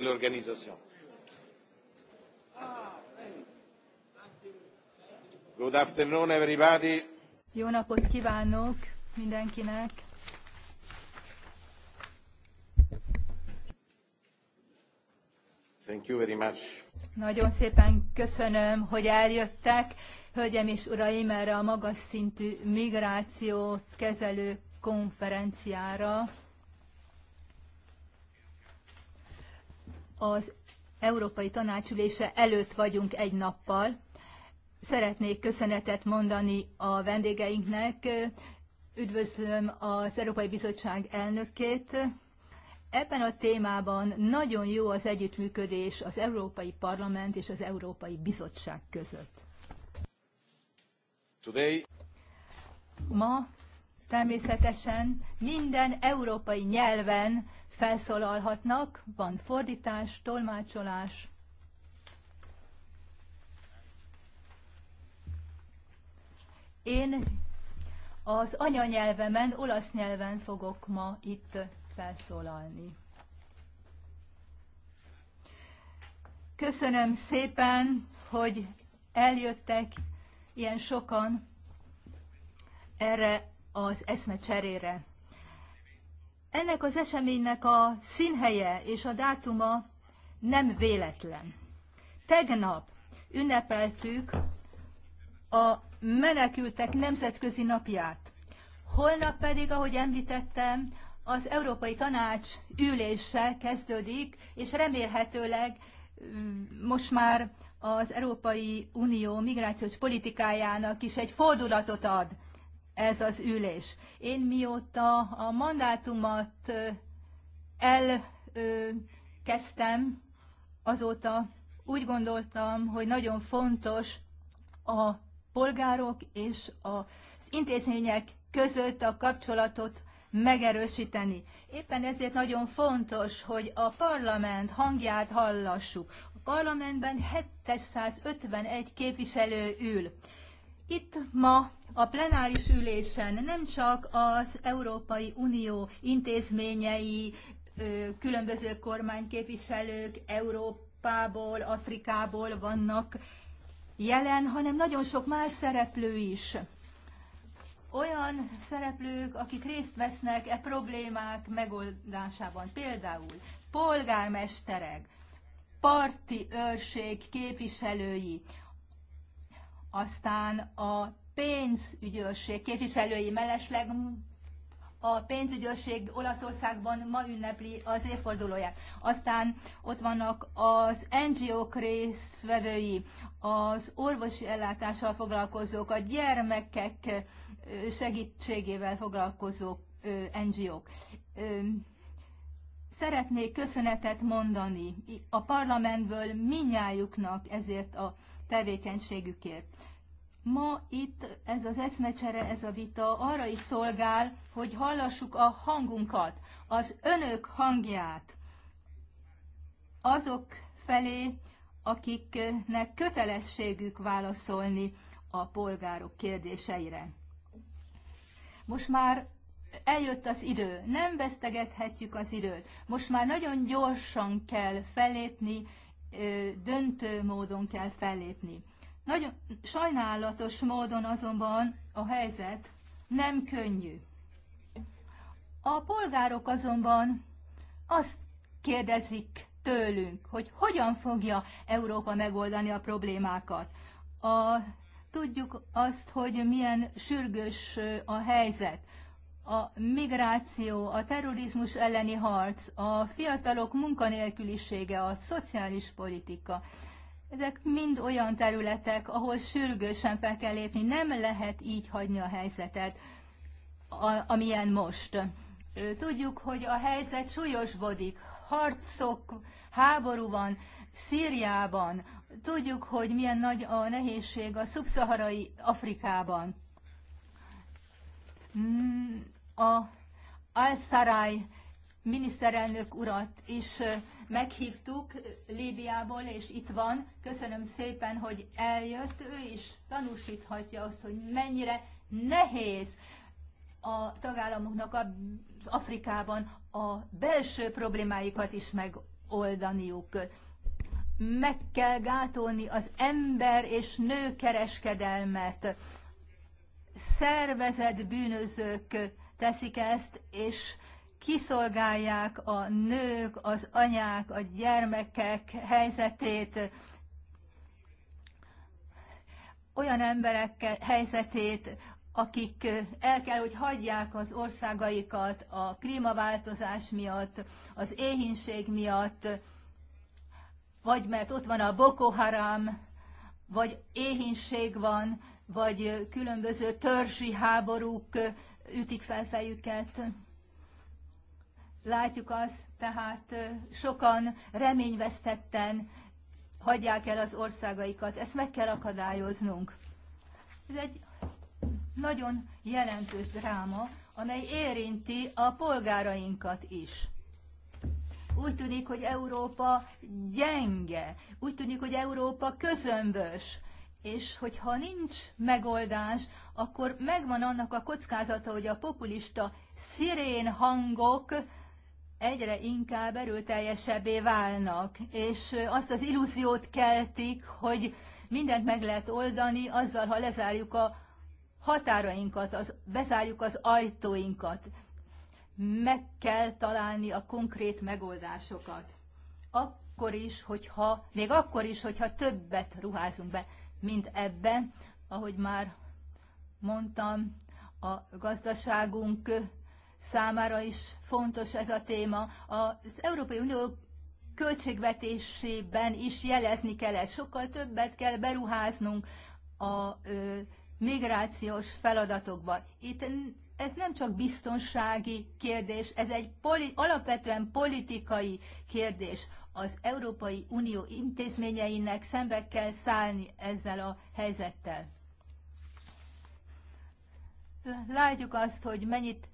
l'organisation. Good afternoon, everybody. Jó napot kívánok mindenkinek. Thank you very much. Nagyon szépen köszönöm, hogy eljöttek. Hölgyem és uraim, erre a magas szintű migrációt kezelő konferenciára. az Európai Tanácsülése előtt vagyunk egy nappal. Szeretnék köszönetet mondani a vendégeinknek. Üdvözlöm az Európai Bizottság elnökét. Ebben a témában nagyon jó az együttműködés az Európai Parlament és az Európai Bizottság között. Today. Ma természetesen minden európai nyelven felszólalhatnak, van fordítás, tolmácsolás. Én az anyanyelvemen, olasz nyelven fogok ma itt felszólalni. Köszönöm szépen, hogy eljöttek ilyen sokan erre az eszmecserére. Ennek az eseménynek a színhelye és a dátuma nem véletlen. Tegnap ünnepeltük a menekültek nemzetközi napját. Holnap pedig, ahogy említettem, az Európai Tanács ülése kezdődik, és remélhetőleg mm, most már az Európai Unió migrációs politikájának is egy fordulatot ad ez az ülés. Én mióta a mandátumat elkezdtem, azóta úgy gondoltam, hogy nagyon fontos a polgárok és az intézmények között a kapcsolatot megerősíteni. Éppen ezért nagyon fontos, hogy a parlament hangját hallassuk. A parlamentben 751 képviselő ül. Itt ma a plenáris ülésen nem csak az Európai Unió intézményei, különböző kormányképviselők Európából, Afrikából vannak jelen, hanem nagyon sok más szereplő is. Olyan szereplők, akik részt vesznek e problémák megoldásában, például polgármesterek, parti őrség képviselői, aztán a pénzügyőrség képviselői mellesleg a pénzügyőrség Olaszországban ma ünnepli az évfordulóját. Aztán ott vannak az NGO-k részvevői, az orvosi ellátással foglalkozók, a gyermekek segítségével foglalkozó NGO-k. Szeretnék köszönetet mondani a parlamentből minnyájuknak ezért a tevékenységükért. Ma itt ez az eszmecsere, ez a vita arra is szolgál, hogy hallassuk a hangunkat, az önök hangját azok felé, akiknek kötelességük válaszolni a polgárok kérdéseire. Most már eljött az idő, nem vesztegethetjük az időt. Most már nagyon gyorsan kell felépni döntő módon kell fellépni. Nagyon sajnálatos módon azonban a helyzet nem könnyű. A polgárok azonban azt kérdezik tőlünk, hogy hogyan fogja Európa megoldani a problémákat. A, tudjuk azt, hogy milyen sürgős a helyzet a migráció, a terrorizmus elleni harc, a fiatalok munkanélkülisége, a szociális politika. Ezek mind olyan területek, ahol sürgősen fel kell lépni. Nem lehet így hagyni a helyzetet, a, amilyen most. Tudjuk, hogy a helyzet súlyosbodik. Harcok, háború van Szíriában. Tudjuk, hogy milyen nagy a nehézség a szubszaharai Afrikában hmm, a Al-Saraj miniszterelnök urat is meghívtuk Líbiából, és itt van. Köszönöm szépen, hogy eljött. Ő is tanúsíthatja azt, hogy mennyire nehéz a tagállamoknak az Afrikában a belső problémáikat is megoldaniuk. Meg kell gátolni az ember és nő kereskedelmet, szervezett bűnözők teszik ezt, és kiszolgálják a nők, az anyák, a gyermekek helyzetét, olyan emberek helyzetét, akik el kell, hogy hagyják az országaikat a klímaváltozás miatt, az éhínség miatt, vagy mert ott van a Boko Haram, vagy éhínség van, vagy különböző törzsi háborúk ütik fel fejüket. Látjuk azt, tehát sokan reményvesztetten hagyják el az országaikat. Ezt meg kell akadályoznunk. Ez egy nagyon jelentős dráma, amely érinti a polgárainkat is. Úgy tűnik, hogy Európa gyenge, úgy tűnik, hogy Európa közömbös, és hogyha nincs megoldás, akkor megvan annak a kockázata, hogy a populista szirén hangok egyre inkább erőteljesebbé válnak, és azt az illúziót keltik, hogy mindent meg lehet oldani azzal, ha lezárjuk a határainkat, az, bezárjuk az ajtóinkat. Meg kell találni a konkrét megoldásokat. Akkor is, hogyha, még akkor is, hogyha többet ruházunk be mint ebbe. Ahogy már mondtam, a gazdaságunk számára is fontos ez a téma. Az Európai Unió költségvetésében is jelezni kell Sokkal többet kell beruháznunk a migrációs feladatokba. Itt ez nem csak biztonsági kérdés, ez egy poli, alapvetően politikai kérdés az Európai Unió intézményeinek szembe kell szállni ezzel a helyzettel. Látjuk azt, hogy mennyit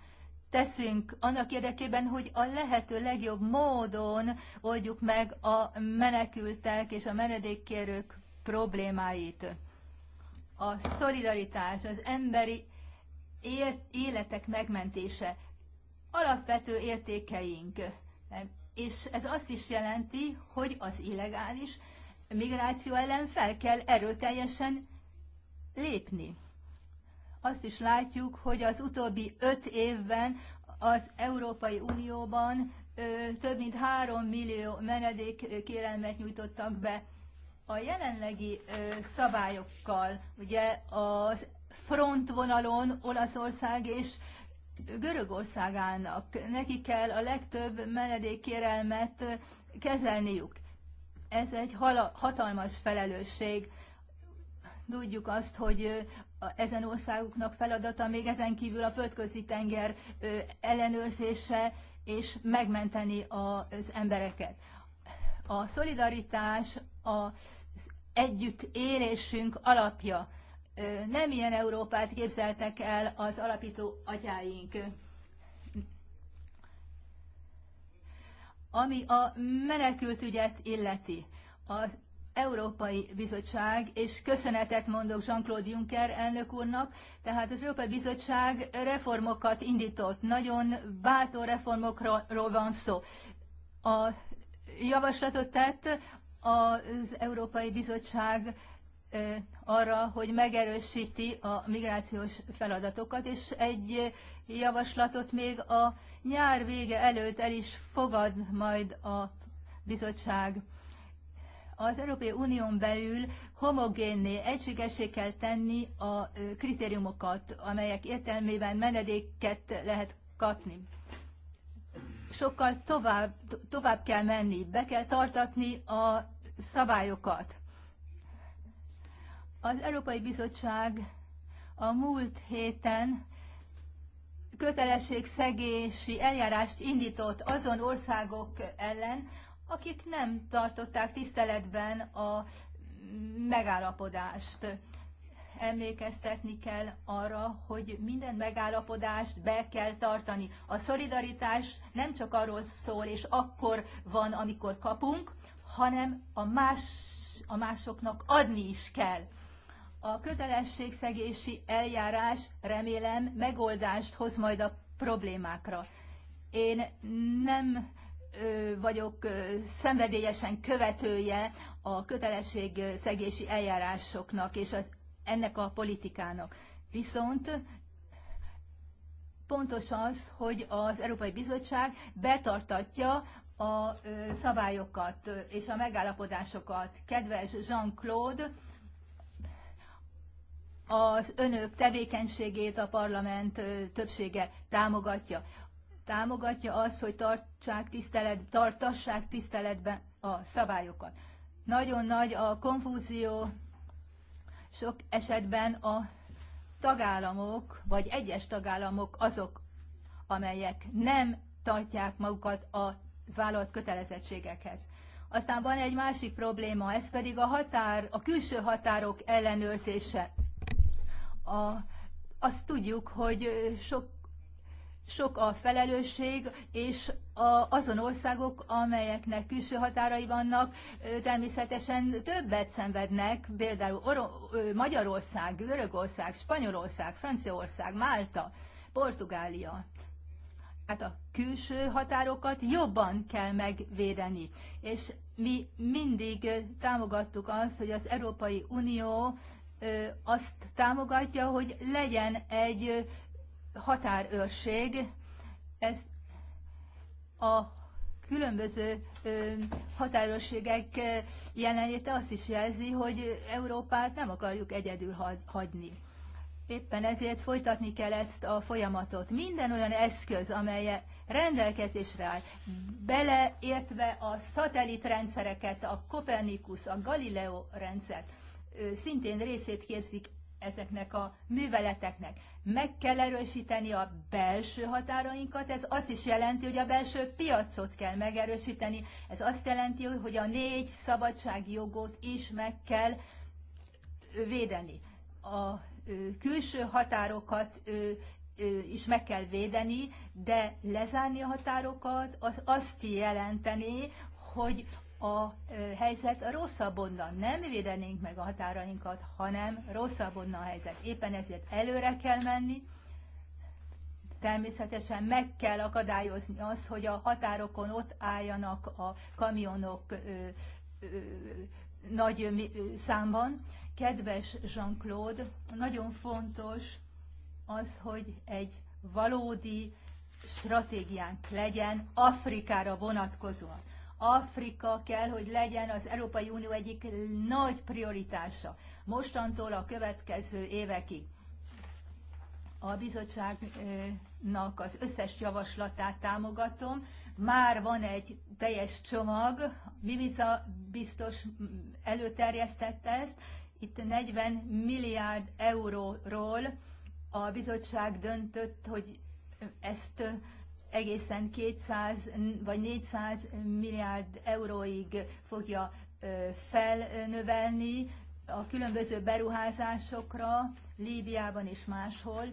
teszünk annak érdekében, hogy a lehető legjobb módon oldjuk meg a menekültek és a menedékkérők problémáit. A szolidaritás, az emberi életek megmentése alapvető értékeink és ez azt is jelenti, hogy az illegális migráció ellen fel kell erőteljesen lépni. Azt is látjuk, hogy az utóbbi öt évben az Európai Unióban ö, több mint három millió menedékkérelmet nyújtottak be. A jelenlegi ö, szabályokkal, ugye az frontvonalon Olaszország és Görögországának. Neki kell a legtöbb menedékkérelmet kezelniük. Ez egy hatalmas felelősség. Tudjuk azt, hogy ezen országoknak feladata még ezen kívül a földközi tenger ellenőrzése és megmenteni az embereket. A szolidaritás az együtt élésünk alapja nem ilyen Európát képzeltek el az alapító atyáink. Ami a menekültügyet illeti, az Európai Bizottság, és köszönetet mondok Jean-Claude Juncker elnök úrnak, tehát az Európai Bizottság reformokat indított, nagyon bátor reformokról van szó. A javaslatot tett az Európai Bizottság arra, hogy megerősíti a migrációs feladatokat, és egy javaslatot még a nyár vége előtt el is fogad majd a bizottság. Az Európai Unión belül homogénné, egységesé kell tenni a kritériumokat, amelyek értelmében menedéket lehet kapni sokkal tovább, tovább kell menni, be kell tartatni a szabályokat. Az Európai Bizottság a múlt héten kötelességszegési eljárást indított azon országok ellen, akik nem tartották tiszteletben a megállapodást. Emlékeztetni kell arra, hogy minden megállapodást be kell tartani. A szolidaritás nem csak arról szól, és akkor van, amikor kapunk, hanem a, más, a másoknak adni is kell. A kötelességszegési eljárás remélem megoldást hoz majd a problémákra. Én nem ö, vagyok ö, szenvedélyesen követője a kötelességszegési eljárásoknak és az, ennek a politikának. Viszont pontos az, hogy az Európai Bizottság betartatja a szabályokat és a megállapodásokat. Kedves Jean-Claude, az önök tevékenységét a parlament többsége támogatja. Támogatja azt, hogy tartsák tisztelet, tartassák tiszteletben a szabályokat. Nagyon nagy a konfúzió, sok esetben a tagállamok, vagy egyes tagállamok azok, amelyek nem tartják magukat a vállalt kötelezettségekhez. Aztán van egy másik probléma, ez pedig a határ, a külső határok ellenőrzése a, azt tudjuk, hogy sok sok a felelősség, és a, azon országok, amelyeknek külső határai vannak, természetesen többet szenvednek, például Or- Magyarország, Görögország, Spanyolország, Franciaország, Málta, Portugália. Hát a külső határokat jobban kell megvédeni. És mi mindig támogattuk azt, hogy az Európai Unió azt támogatja, hogy legyen egy határőrség. Ez a különböző határőrségek jelenléte azt is jelzi, hogy Európát nem akarjuk egyedül hagyni. Éppen ezért folytatni kell ezt a folyamatot. Minden olyan eszköz, amely rendelkezésre áll, beleértve a szatellitrendszereket, a Kopernikus, a Galileo rendszert, szintén részét képzik ezeknek a műveleteknek. Meg kell erősíteni a belső határainkat, ez azt is jelenti, hogy a belső piacot kell megerősíteni, ez azt jelenti, hogy a négy szabadsági jogot is meg kell védeni. A külső határokat is meg kell védeni, de lezárni a határokat az azt jelenteni, hogy a helyzet rosszabbodna. Nem védenénk meg a határainkat, hanem rosszabbodna a helyzet. Éppen ezért előre kell menni, természetesen meg kell akadályozni az, hogy a határokon ott álljanak a kamionok ö, ö, nagy ö, számban. Kedves Jean-Claude, nagyon fontos az, hogy egy valódi stratégiánk legyen Afrikára vonatkozóan. Afrika kell, hogy legyen az Európai Unió egyik nagy prioritása mostantól a következő évekig. A bizottságnak az összes javaslatát támogatom. Már van egy teljes csomag, Mimica biztos előterjesztette ezt, itt 40 milliárd euróról a bizottság döntött, hogy ezt egészen 200 vagy 400 milliárd euróig fogja felnövelni a különböző beruházásokra Líbiában és máshol.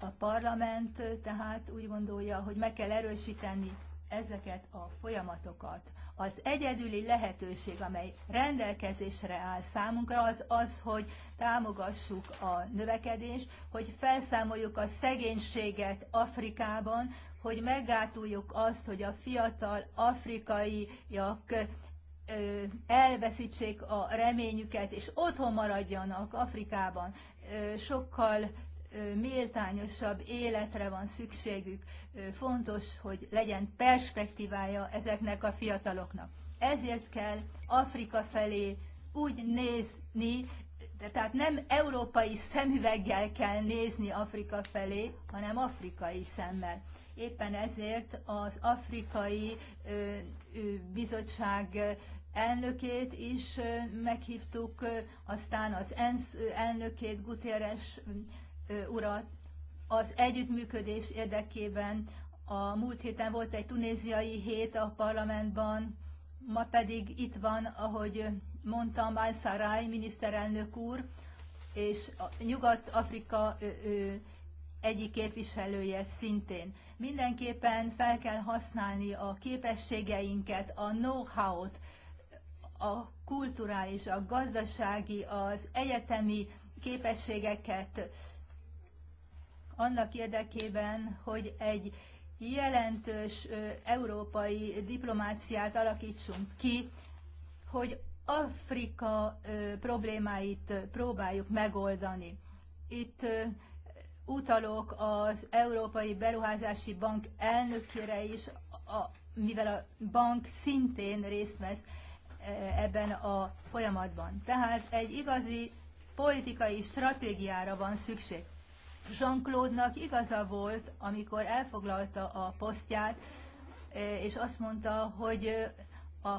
A parlament tehát úgy gondolja, hogy meg kell erősíteni ezeket a folyamatokat. Az egyedüli lehetőség, amely rendelkezésre áll számunkra, az az, hogy támogassuk a növekedést, hogy felszámoljuk a szegénységet Afrikában, hogy meggátuljuk azt, hogy a fiatal afrikaiak elveszítsék a reményüket, és otthon maradjanak Afrikában. Sokkal méltányosabb életre van szükségük. Fontos, hogy legyen perspektívája ezeknek a fiataloknak. Ezért kell Afrika felé úgy nézni, tehát nem európai szemüveggel kell nézni Afrika felé, hanem afrikai szemmel. Éppen ezért az afrikai ö, ö, bizottság elnökét is meghívtuk, aztán az ENSZ elnökét, Gutéres urat, az együttműködés érdekében. A múlt héten volt egy tunéziai hét a parlamentban, ma pedig itt van, ahogy mondta Malszaráj miniszterelnök úr, és Nyugat-Afrika egyik képviselője szintén. Mindenképpen fel kell használni a képességeinket, a know-how-t, a kulturális, a gazdasági, az egyetemi képességeket annak érdekében, hogy egy jelentős európai diplomáciát alakítsunk ki, hogy Afrika problémáit próbáljuk megoldani. Itt utalok az Európai Beruházási Bank elnökére is, a, mivel a bank szintén részt vesz ebben a folyamatban. Tehát egy igazi politikai stratégiára van szükség. Jean-Claude-nak igaza volt, amikor elfoglalta a posztját, és azt mondta, hogy a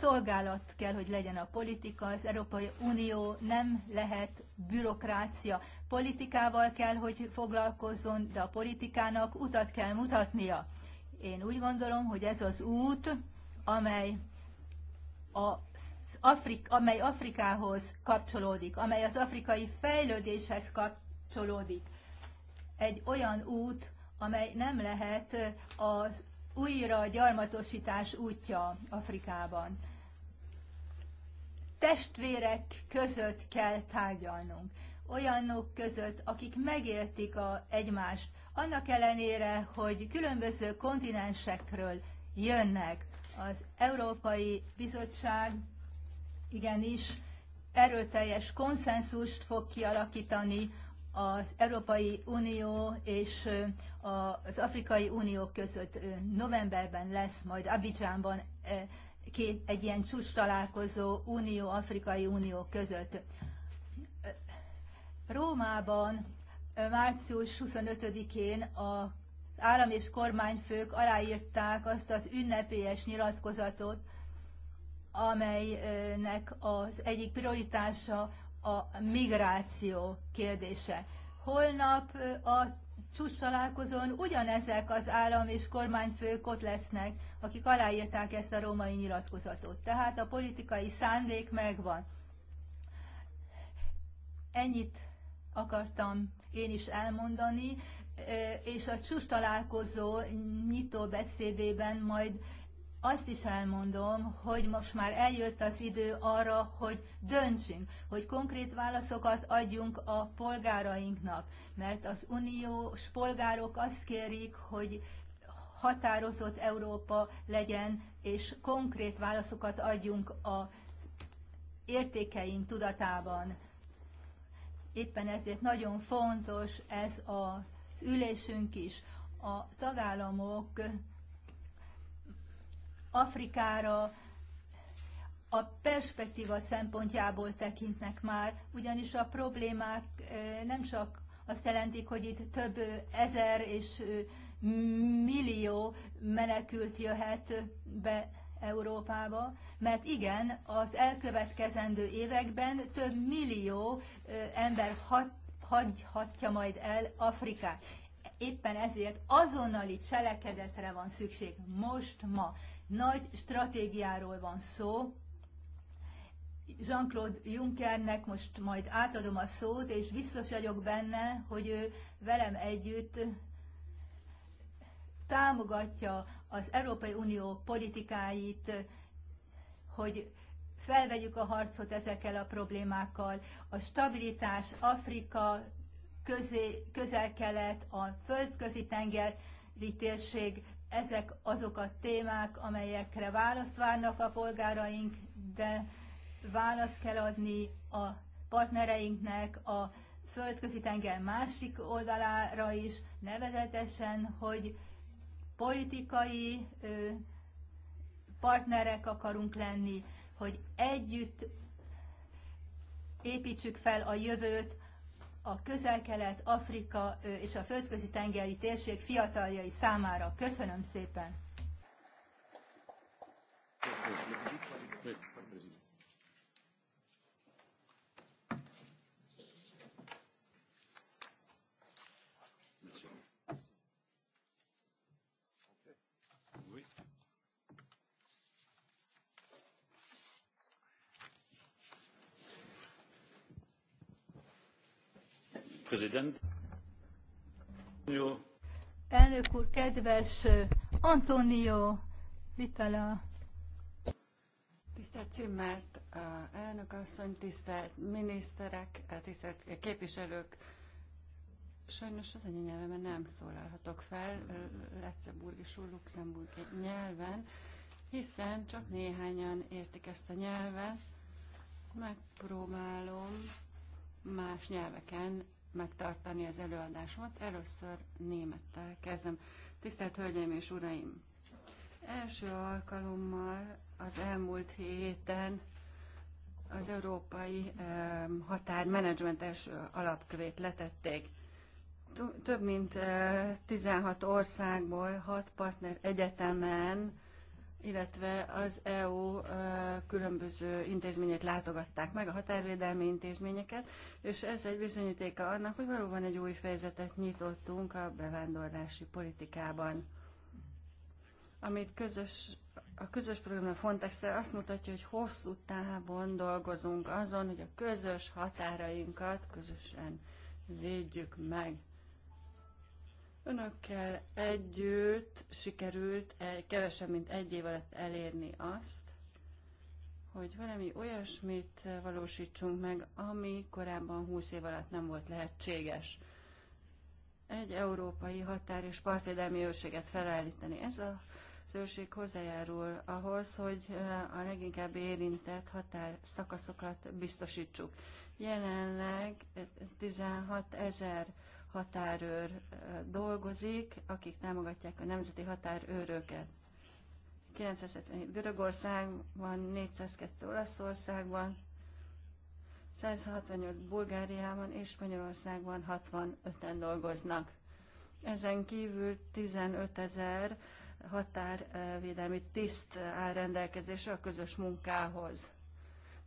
szolgálat kell, hogy legyen a politika, az Európai Unió nem lehet bürokrácia. Politikával kell, hogy foglalkozzon, de a politikának utat kell mutatnia. Én úgy gondolom, hogy ez az út, amely a Afrik, amely Afrikához kapcsolódik, amely az afrikai fejlődéshez kapcsolódik. Egy olyan út, amely nem lehet az újra a gyarmatosítás útja Afrikában. Testvérek között kell tárgyalnunk, olyanok között, akik megértik a, egymást, annak ellenére, hogy különböző kontinensekről jönnek. Az Európai Bizottság igenis erőteljes konszenzust fog kialakítani az Európai Unió és az Afrikai Unió között. Novemberben lesz majd Abidjánban két, egy ilyen csúcs találkozó Unió-Afrikai Unió között. Rómában március 25-én a állam és kormányfők aláírták azt az ünnepélyes nyilatkozatot, amelynek az egyik prioritása a migráció kérdése. Holnap a csúcs találkozón ugyanezek az állam és kormányfők ott lesznek, akik aláírták ezt a római nyilatkozatot. Tehát a politikai szándék megvan. Ennyit akartam én is elmondani, és a csúcs találkozó nyitó beszédében majd azt is elmondom, hogy most már eljött az idő arra, hogy döntsünk, hogy konkrét válaszokat adjunk a polgárainknak, mert az uniós polgárok azt kérik, hogy határozott Európa legyen, és konkrét válaszokat adjunk a értékeink tudatában. Éppen ezért nagyon fontos ez az ülésünk is. A tagállamok Afrikára, a perspektíva szempontjából tekintnek már, ugyanis a problémák nem csak azt jelentik, hogy itt több ezer és millió menekült jöhet be Európába, mert igen, az elkövetkezendő években több millió ember hat, hagyhatja majd el Afrikát. Éppen ezért azonnali cselekedetre van szükség most, ma. Nagy stratégiáról van szó. Jean-Claude Junckernek most majd átadom a szót, és biztos vagyok benne, hogy ő velem együtt támogatja az Európai Unió politikáit, hogy felvegyük a harcot ezekkel a problémákkal. A stabilitás Afrika, közel-kelet, a földközi tengeri térség ezek azok a témák, amelyekre választ várnak a polgáraink, de választ kell adni a partnereinknek a földközi tenger másik oldalára is, nevezetesen, hogy politikai ö, partnerek akarunk lenni, hogy együtt építsük fel a jövőt, a közel-kelet, Afrika és a földközi tengeri térség fiataljai számára. Köszönöm szépen! Köszönöm. Elnök úr, kedves Antonio Vitala. Tisztelt Csimmert, elnök asszony, tisztelt miniszterek, tisztelt képviselők, Sajnos az anyanyelvemen nem szólalhatok fel, letzeburgi és luxemburgi nyelven, hiszen csak néhányan értik ezt a nyelvet. Megpróbálom más nyelveken megtartani az előadásomat. Először némettel kezdem. Tisztelt Hölgyeim és Uraim! Első alkalommal az elmúlt héten az Európai Határmenedzsmentes alapkövét letették. Több mint 16 országból, 6 partner egyetemen illetve az EU különböző intézményét látogatták meg, a határvédelmi intézményeket, és ez egy bizonyítéka annak, hogy valóban egy új fejezetet nyitottunk a bevándorlási politikában. Amit közös, a közös program a frontex azt mutatja, hogy hosszú távon dolgozunk azon, hogy a közös határainkat közösen védjük meg. Önökkel együtt sikerült egy, kevesebb, mint egy év alatt elérni azt, hogy valami olyasmit valósítsunk meg, ami korábban 20 év alatt nem volt lehetséges. Egy európai határ és partvédelmi őrséget felállítani. Ez a őrség hozzájárul ahhoz, hogy eh, a leginkább érintett határ szakaszokat biztosítsuk. Jelenleg 16 eh, ezer 000 határőr dolgozik, akik támogatják a nemzeti határőröket. 977 Görögországban, 402 Olaszországban, 168 Bulgáriában és Spanyolországban 65-en dolgoznak. Ezen kívül 15 ezer határvédelmi tiszt áll rendelkezésre a közös munkához.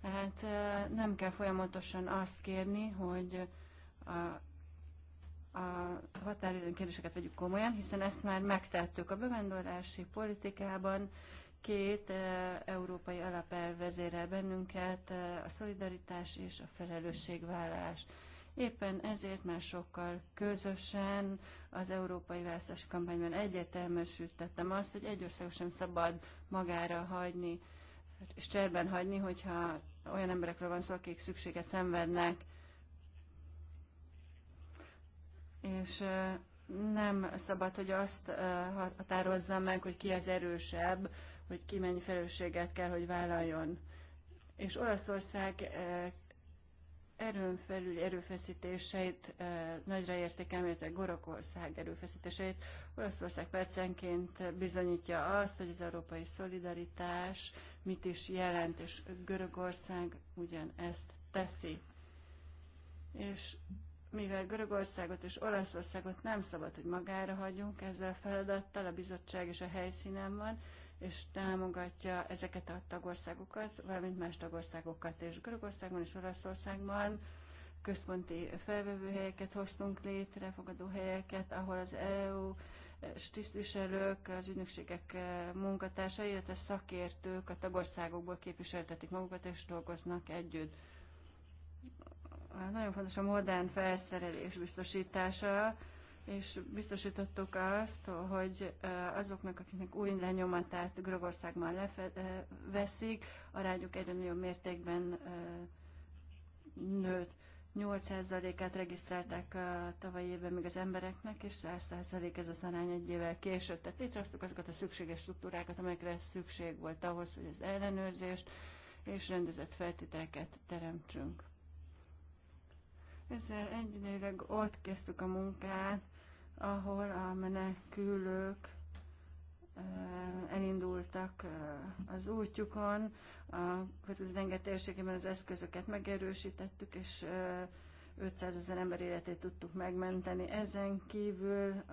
Tehát nem kell folyamatosan azt kérni, hogy a a határidőn kérdéseket vegyük komolyan, hiszen ezt már megtettük a bevándorlási politikában. Két e, európai alapelv vezérel bennünket, e, a szolidaritás és a felelősségvállás. Éppen ezért már sokkal közösen az európai választási kampányban egyértelműsítettem azt, hogy egy ország sem szabad magára hagyni, és cserben hagyni, hogyha olyan emberekről van szó, akik szükséget szenvednek és nem szabad, hogy azt határozza meg, hogy ki az erősebb, hogy ki mennyi felelősséget kell, hogy vállaljon. És Olaszország erőn felül erőfeszítéseit nagyra értékelem, illetve Gorokország erőfeszítéseit. Olaszország percenként bizonyítja azt, hogy az európai szolidaritás mit is jelent, és Görögország ugyanezt teszi. És mivel Görögországot és Olaszországot nem szabad, hogy magára hagyjunk ezzel a feladattal, a bizottság és a helyszínen van, és támogatja ezeket a tagországokat, valamint más tagországokat, és Görögországban és Olaszországban központi felvevőhelyeket hoztunk létre, fogadóhelyeket, ahol az EU tisztviselők, az ügynökségek munkatársai, illetve szakértők a tagországokból képviseltetik magukat és dolgoznak együtt. Nagyon fontos a modern felszerelés biztosítása, és biztosítottuk azt, hogy azoknak, akiknek új lenyomatát Görögországban leveszik, arányuk egyre nagyobb mértékben nőtt. 8%-át regisztrálták a tavalyi évben még az embereknek, és 100% ez az arány egy évvel később. Tehát létrehoztuk azokat a szükséges struktúrákat, amelyekre szükség volt ahhoz, hogy az ellenőrzést és rendezett feltételeket teremtsünk. Ezzel egyidejűleg ott kezdtük a munkát, ahol a menekülők elindultak az útjukon, a következő denge térségében az eszközöket megerősítettük, és 500 ezer ember életét tudtuk megmenteni. Ezen kívül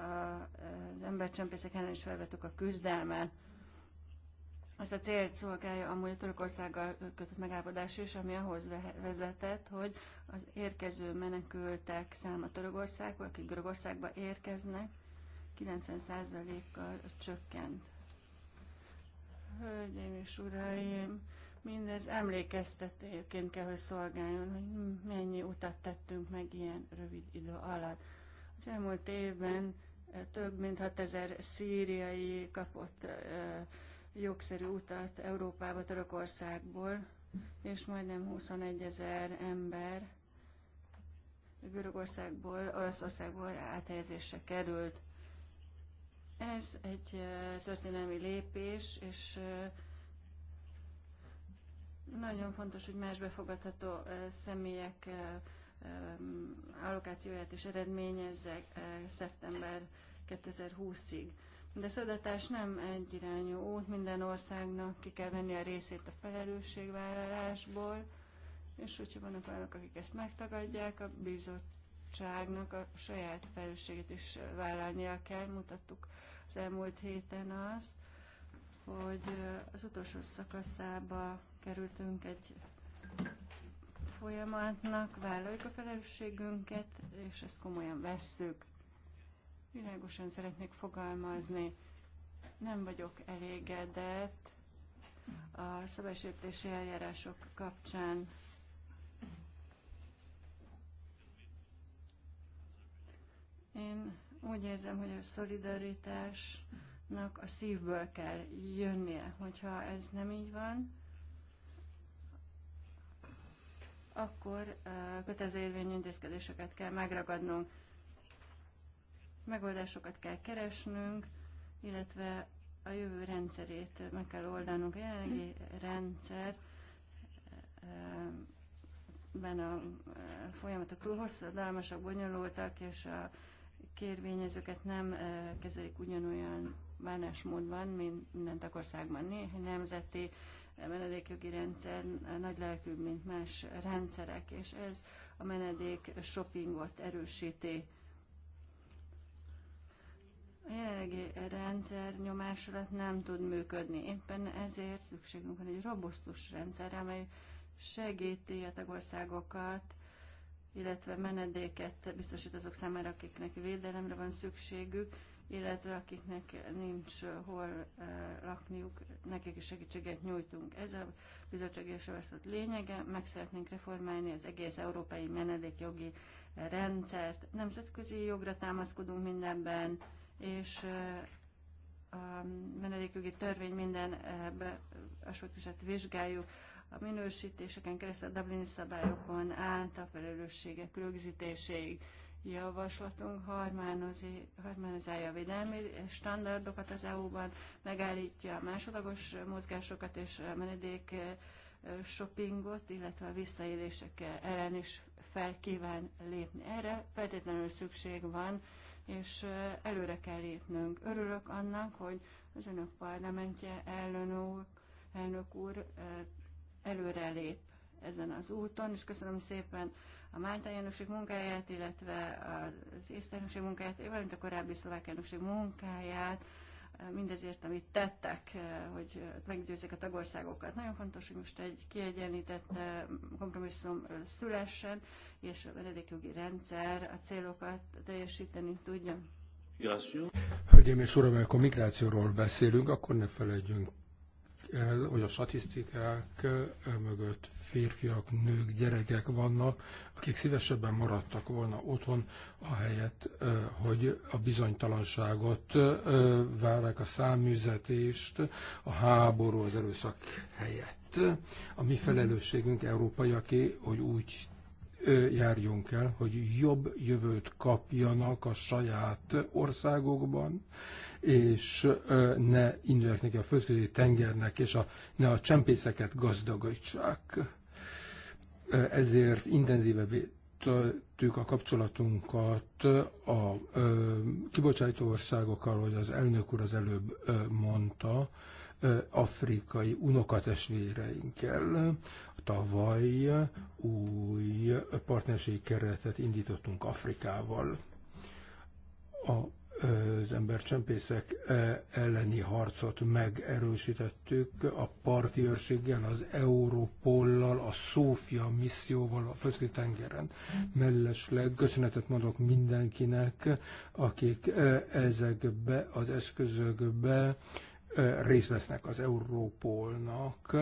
az embercsempészek ellen is felvettük a küzdelmet. Azt a célt szolgálja amúgy a Törökországgal kötött megállapodás is, ami ahhoz vezetett, hogy az érkező menekültek száma Törökországba, akik Görögországba érkeznek, 90%-kal csökkent. Hölgyeim és uraim, mindez emlékeztetőként kell, hogy szolgáljon, hogy mennyi utat tettünk meg ilyen rövid idő alatt. Az elmúlt évben eh, több mint 6000 szíriai kapott eh, jogszerű utat Európába, Törökországból, és majdnem 21 ezer ember Görögországból, Olaszországból áthelyezésre került. Ez egy történelmi lépés, és nagyon fontos, hogy más befogadható személyek allokációját is eredményezzek szeptember 2020-ig. De szedetás nem egyirányú út, minden országnak ki kell venni a részét a felelősségvállalásból, és hogyha vannak olyanok, akik ezt megtagadják, a bizottságnak a saját felelősségét is vállalnia kell. Mutattuk az elmúlt héten azt, hogy az utolsó szakaszába kerültünk egy folyamatnak, vállaljuk a felelősségünket, és ezt komolyan vesszük. Világosan szeretnék fogalmazni. Nem vagyok elégedett a szabálysértési eljárások kapcsán. Én úgy érzem, hogy a szolidaritásnak a szívből kell jönnie. Hogyha ez nem így van, akkor kötelező érvényű intézkedéseket kell megragadnunk megoldásokat kell keresnünk, illetve a jövő rendszerét meg kell oldanunk. A jelenlegi rendszer ben a eh, folyamatok túl hosszadalmasak, bonyolultak, és a kérvényezőket nem eh, kezelik ugyanolyan bánásmódban, mint minden tagországban. Néhány nemzeti eh, menedékjogi rendszer nagy lelkűbb, mint más rendszerek, és ez a menedék shoppingot erősíti. A jelenlegi rendszer nyomás alatt nem tud működni. Éppen ezért szükségünk van egy robusztus rendszerre, amely segíti a tagországokat, illetve menedéket biztosít azok számára, akiknek védelemre van szükségük, illetve akiknek nincs hol eh, lakniuk, nekik is segítséget nyújtunk. Ez a bizottság javaslat lényege, meg szeretnénk reformálni az egész európai menedékjogi rendszert. Nemzetközi jogra támaszkodunk mindenben, és a menedékügyi törvény minden aspektusát vizsgáljuk, a minősítéseken keresztül a Dublini szabályokon állt a felelősségek rögzítéséig javaslatunk harmonizálja a védelmi standardokat az EU-ban, megállítja a másodlagos mozgásokat és a menedék shoppingot, illetve a visszaélések ellen is fel kíván lépni. Erre feltétlenül szükség van és előre kell lépnünk. Örülök annak, hogy az önök parlamentje ellenúr, elnök úr előre lép ezen az úton, és köszönöm szépen a Málta elnökség munkáját, illetve az észtelnökség munkáját, valamint a korábbi szlovák elnökség munkáját, mindezért, amit tettek, eh, hogy meggyőzzék a tagországokat. Nagyon fontos, hogy most egy kiegyenlített eh, kompromisszum eh, szülessen, és a menedékjogi rendszer a célokat teljesíteni tudja. Hölgyeim és uram, amikor migrációról beszélünk, akkor ne felejtjünk el, hogy a statisztikák mögött férfiak, nők, gyerekek vannak, akik szívesebben maradtak volna otthon, ahelyett, hogy a bizonytalanságot várják a száműzetést, a háború, az erőszak helyett. A mi felelősségünk európaiaké, hogy úgy járjunk el, hogy jobb jövőt kapjanak a saját országokban, és ne induljak neki a földközi tengernek, és a, ne a csempészeket gazdagítsák. Ezért intenzívebbé töltük a kapcsolatunkat a ö, kibocsátó országokkal, hogy az elnök úr az előbb ö, mondta, ö, afrikai unokatestvéreinkkel. Tavaly új partnerségi keretet indítottunk Afrikával. A az embercsempészek e, elleni harcot megerősítettük a parti őrséggel, az Európollal, a Szófia misszióval a Földi tengeren. Mellesleg köszönetet mondok mindenkinek, akik e, ezekbe az eszközökbe e, részt vesznek az Európolnak,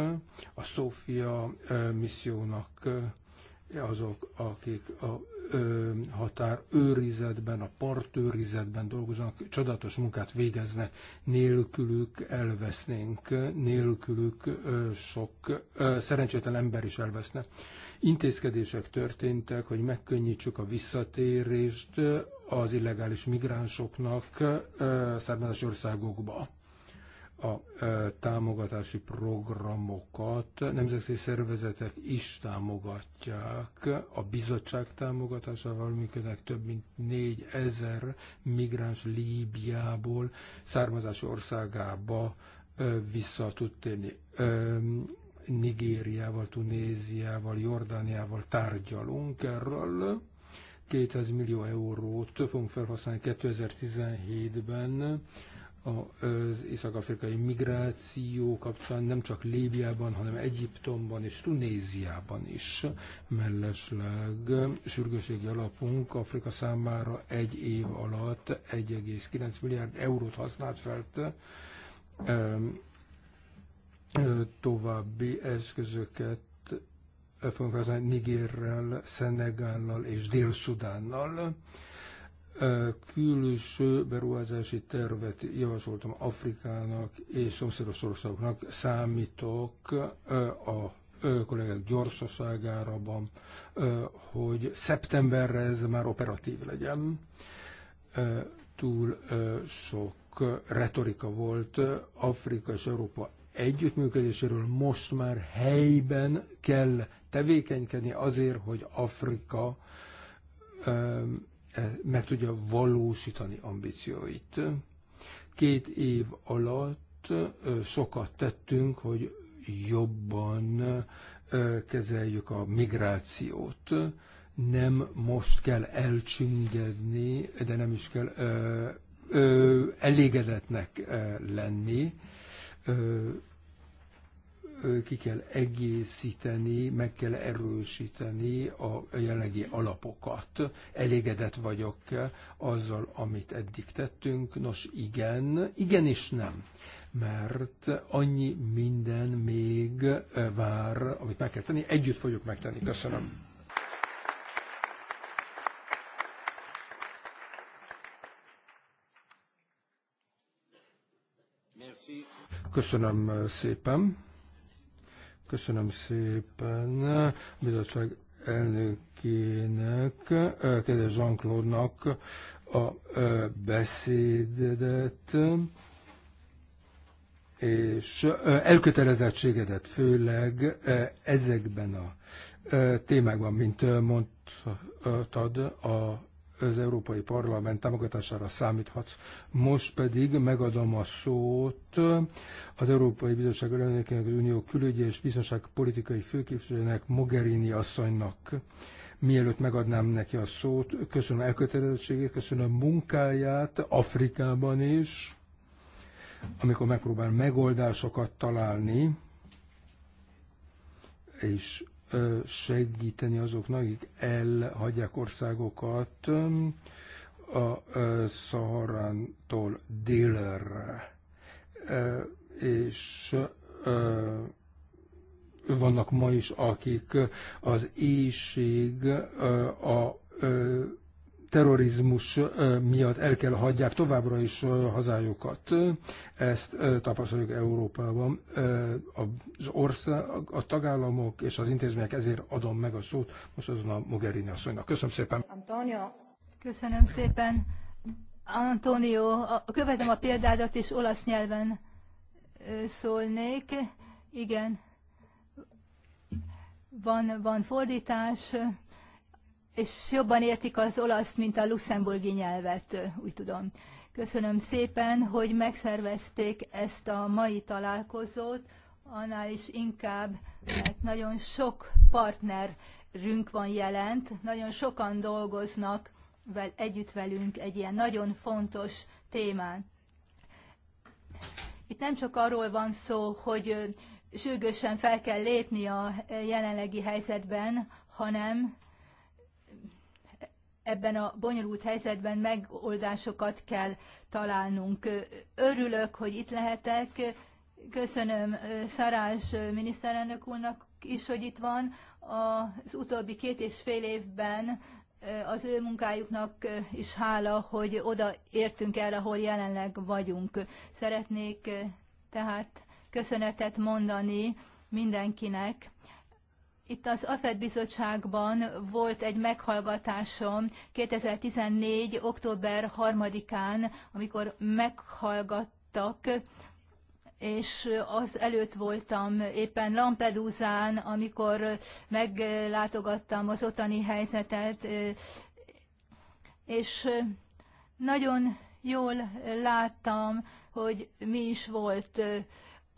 a Szófia missziónak E azok, akik a határ őrizetben, a partőrizetben dolgoznak, csodatos munkát végeznek, nélkülük elvesznénk, nélkülük sok szerencsétlen ember is elveszne. Intézkedések történtek, hogy megkönnyítsük a visszatérést az illegális migránsoknak származási országokba a e, támogatási programokat nemzeti szervezetek is támogatják. A bizottság támogatásával működnek több mint 4000 migráns Líbiából származási országába e, vissza tud térni. E, Nigériával, Tunéziával, Jordániával tárgyalunk erről. 200 millió eurót fogunk felhasználni 2017-ben az észak-afrikai migráció kapcsán nem csak Líbiában, hanem Egyiptomban és Tunéziában is. Mellesleg sürgőségi alapunk Afrika számára egy év alatt 1,9 milliárd eurót használt fel további eszközöket fogunk használni Nigérrel, Szenegállal és Dél-Szudánnal külső beruházási tervet javasoltam Afrikának és szomszédos országoknak, számítok a kollégák gyorsaságára hogy szeptemberre ez már operatív legyen. Túl sok retorika volt Afrika és Európa együttműködéséről, most már helyben kell tevékenykedni azért, hogy Afrika E, meg tudja valósítani ambícióit. Két év alatt e, sokat tettünk, hogy jobban e, kezeljük a migrációt. Nem most kell elcsüngedni, de nem is kell ö, ö, elégedetnek lenni. Ö, ki kell egészíteni, meg kell erősíteni a jelenlegi alapokat. Elégedett vagyok azzal, amit eddig tettünk. Nos, igen, igen és nem. Mert annyi minden még vár, amit meg kell tenni. Együtt fogjuk megtenni. Köszönöm. Köszönöm szépen. Köszönöm szépen a bizottság elnökének, kedves Jean-Claude-nak a beszédedet és elkötelezettségedet főleg ezekben a témákban, mint mondtad, a az Európai Parlament támogatására számíthatsz. Most pedig megadom a szót az Európai Bizottság Önökének az Unió külügyi és biztonságpolitikai főképviselőnek Mogherini asszonynak. Mielőtt megadnám neki a szót, köszönöm elkötelezettségét, köszönöm munkáját Afrikában is, amikor megpróbál megoldásokat találni, és segíteni azoknak, akik elhagyják országokat a Szaharántól délre. És vannak ma is, akik az éjség a terrorizmus miatt el kell hagyják továbbra is hazájukat. Ezt tapasztaljuk Európában. Az ország, a tagállamok és az intézmények ezért adom meg a szót most azon a Mogherini asszonynak. Köszönöm szépen. Antonio. Köszönöm szépen. Antonio, követem a példádat, és olasz nyelven szólnék. Igen. Van, van fordítás és jobban értik az olasz, mint a luxemburgi nyelvet, úgy tudom. Köszönöm szépen, hogy megszervezték ezt a mai találkozót, annál is inkább, mert nagyon sok partnerünk van jelent, nagyon sokan dolgoznak vel, együtt velünk egy ilyen nagyon fontos témán. Itt nem csak arról van szó, hogy sürgősen fel kell lépni a jelenlegi helyzetben, hanem ebben a bonyolult helyzetben megoldásokat kell találnunk. Örülök, hogy itt lehetek. Köszönöm Szarás miniszterelnök úrnak is, hogy itt van. Az utóbbi két és fél évben eh, az ő munkájuknak eh, is hála, hogy oda értünk el, ahol jelenleg vagyunk. Szeretnék eh, tehát köszönetet mondani mindenkinek, itt az AFED bizottságban volt egy meghallgatásom 2014. október 3-án, amikor meghallgattak, és az előtt voltam éppen Lampedusán, amikor meglátogattam az otani helyzetet, és nagyon jól láttam, hogy mi is volt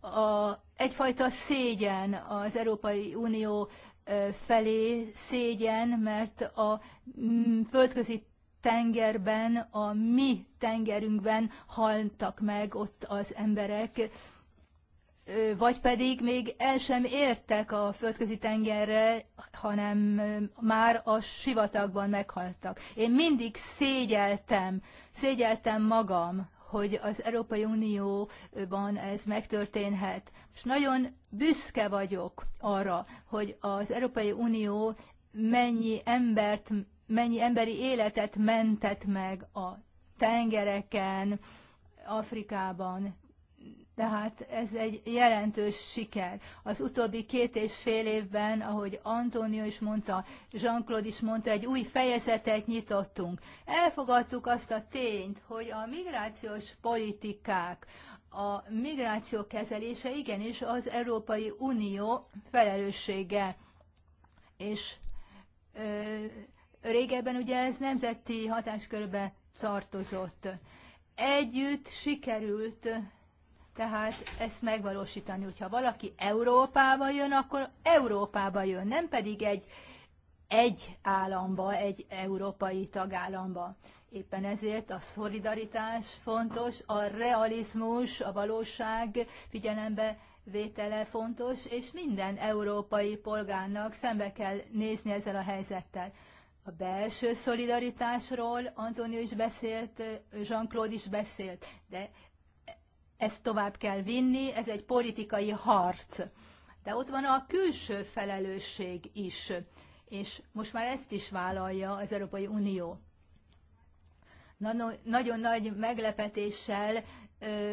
a egyfajta szégyen az Európai Unió felé szégyen, mert a mm, földközi tengerben, a mi tengerünkben haltak meg ott az emberek, vagy pedig még el sem értek a földközi tengerre, hanem már a sivatagban meghaltak. Én mindig szégyeltem, szégyeltem magam hogy az Európai Unióban ez megtörténhet. És nagyon büszke vagyok arra, hogy az Európai Unió mennyi embert, mennyi emberi életet mentett meg a tengereken, Afrikában, tehát ez egy jelentős siker. Az utóbbi két és fél évben, ahogy Antonio is mondta, Jean-Claude is mondta, egy új fejezetet nyitottunk. Elfogadtuk azt a tényt, hogy a migrációs politikák, a migráció kezelése igenis az Európai Unió felelőssége. És ö, régebben ugye ez nemzeti hatáskörbe tartozott. Együtt sikerült tehát ezt megvalósítani, hogyha valaki Európába jön, akkor Európába jön, nem pedig egy, egy államba, egy európai tagállamba. Éppen ezért a szolidaritás fontos, a realizmus, a valóság figyelembe vétele fontos, és minden európai polgárnak szembe kell nézni ezzel a helyzettel. A belső szolidaritásról Antonio is beszélt, Jean-Claude is beszélt, de ezt tovább kell vinni, ez egy politikai harc. De ott van a külső felelősség is, és most már ezt is vállalja az Európai Unió. Nagyon nagy meglepetéssel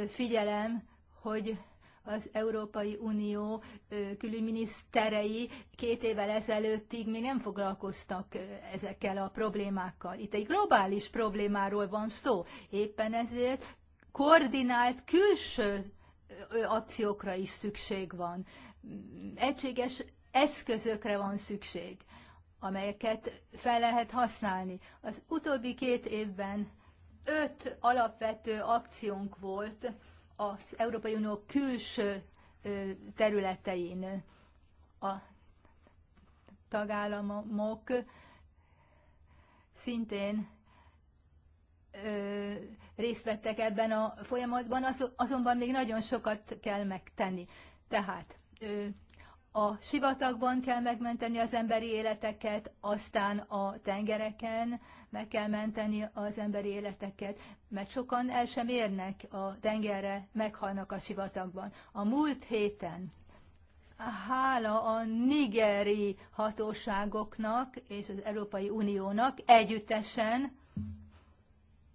figyelem, hogy az Európai Unió külügyminiszterei két évvel ezelőttig még nem foglalkoztak ezekkel a problémákkal. Itt egy globális problémáról van szó. Éppen ezért koordinált külső akciókra is szükség van. Egységes eszközökre van szükség, amelyeket fel lehet használni. Az utóbbi két évben öt alapvető akciónk volt az Európai Unió külső területein. A tagállamok szintén részt vettek ebben a folyamatban, azonban még nagyon sokat kell megtenni. Tehát a sivatagban kell megmenteni az emberi életeket, aztán a tengereken meg kell menteni az emberi életeket, mert sokan el sem érnek a tengerre, meghalnak a sivatagban. A múlt héten hála a nigeri hatóságoknak és az Európai Uniónak együttesen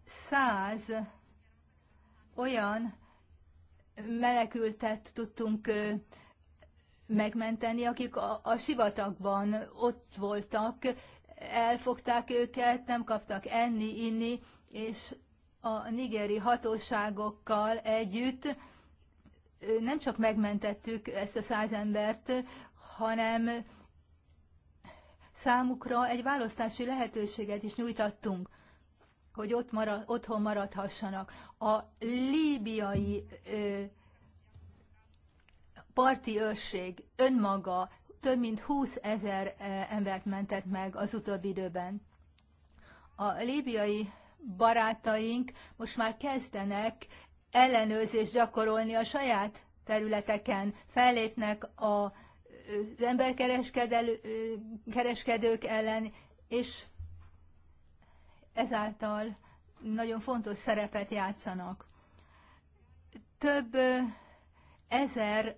száz olyan menekültet tudtunk megmenteni, akik a, a sivatagban ott voltak, elfogták őket, nem kaptak enni, inni, és a nigeri hatóságokkal együtt nem csak megmentettük ezt a száz embert, hanem számukra egy választási lehetőséget is nyújtattunk hogy ott marad, otthon maradhassanak. A líbiai ö, parti őrség önmaga több mint 20 ezer embert mentett meg az utóbbi időben. A líbiai barátaink most már kezdenek ellenőrzést gyakorolni a saját területeken. Fellépnek az emberkereskedők ellen, és ezáltal nagyon fontos szerepet játszanak. Több ezer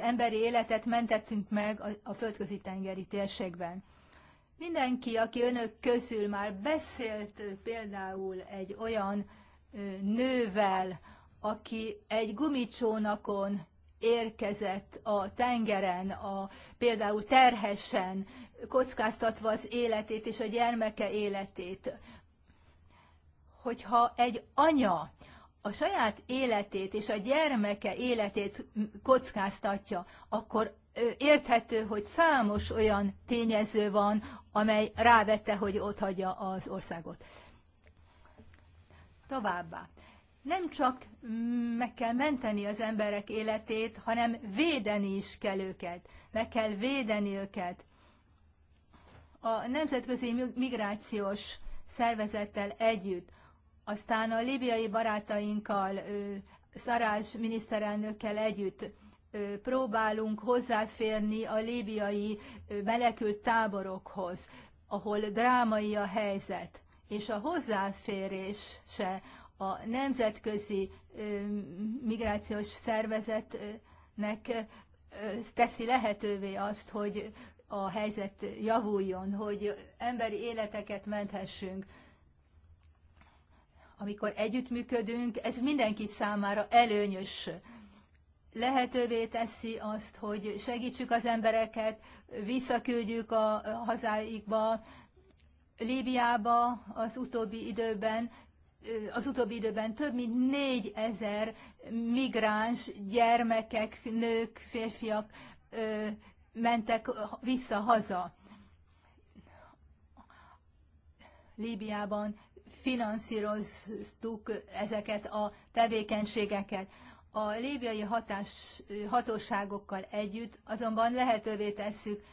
emberi életet mentettünk meg a földközi tengeri térségben. Mindenki, aki önök közül már beszélt például egy olyan nővel, aki egy gumicsónakon érkezett a tengeren, a, például terhesen, kockáztatva az életét és a gyermeke életét, hogyha egy anya a saját életét és a gyermeke életét kockáztatja, akkor érthető, hogy számos olyan tényező van, amely rávette, hogy hagyja az országot. Továbbá. Nem csak mm, meg kell menteni az emberek életét, hanem védeni is kell őket. Meg kell védeni őket. A Nemzetközi Migrációs Szervezettel együtt aztán a libiai barátainkkal, Szarás miniszterelnökkel együtt próbálunk hozzáférni a líbiai menekült táborokhoz, ahol drámai a helyzet, és a hozzáférés se a nemzetközi migrációs szervezetnek teszi lehetővé azt, hogy a helyzet javuljon, hogy emberi életeket menthessünk amikor együttműködünk, ez mindenki számára előnyös. Lehetővé teszi azt, hogy segítsük az embereket, visszaküldjük a hazáikba, Líbiába az utóbbi időben az utóbbi időben több mint ezer migráns gyermekek, nők, férfiak ö, mentek vissza haza. Líbiában finanszíroztuk ezeket a tevékenységeket. A líbiai hatás, hatóságokkal együtt azonban lehetővé tesszük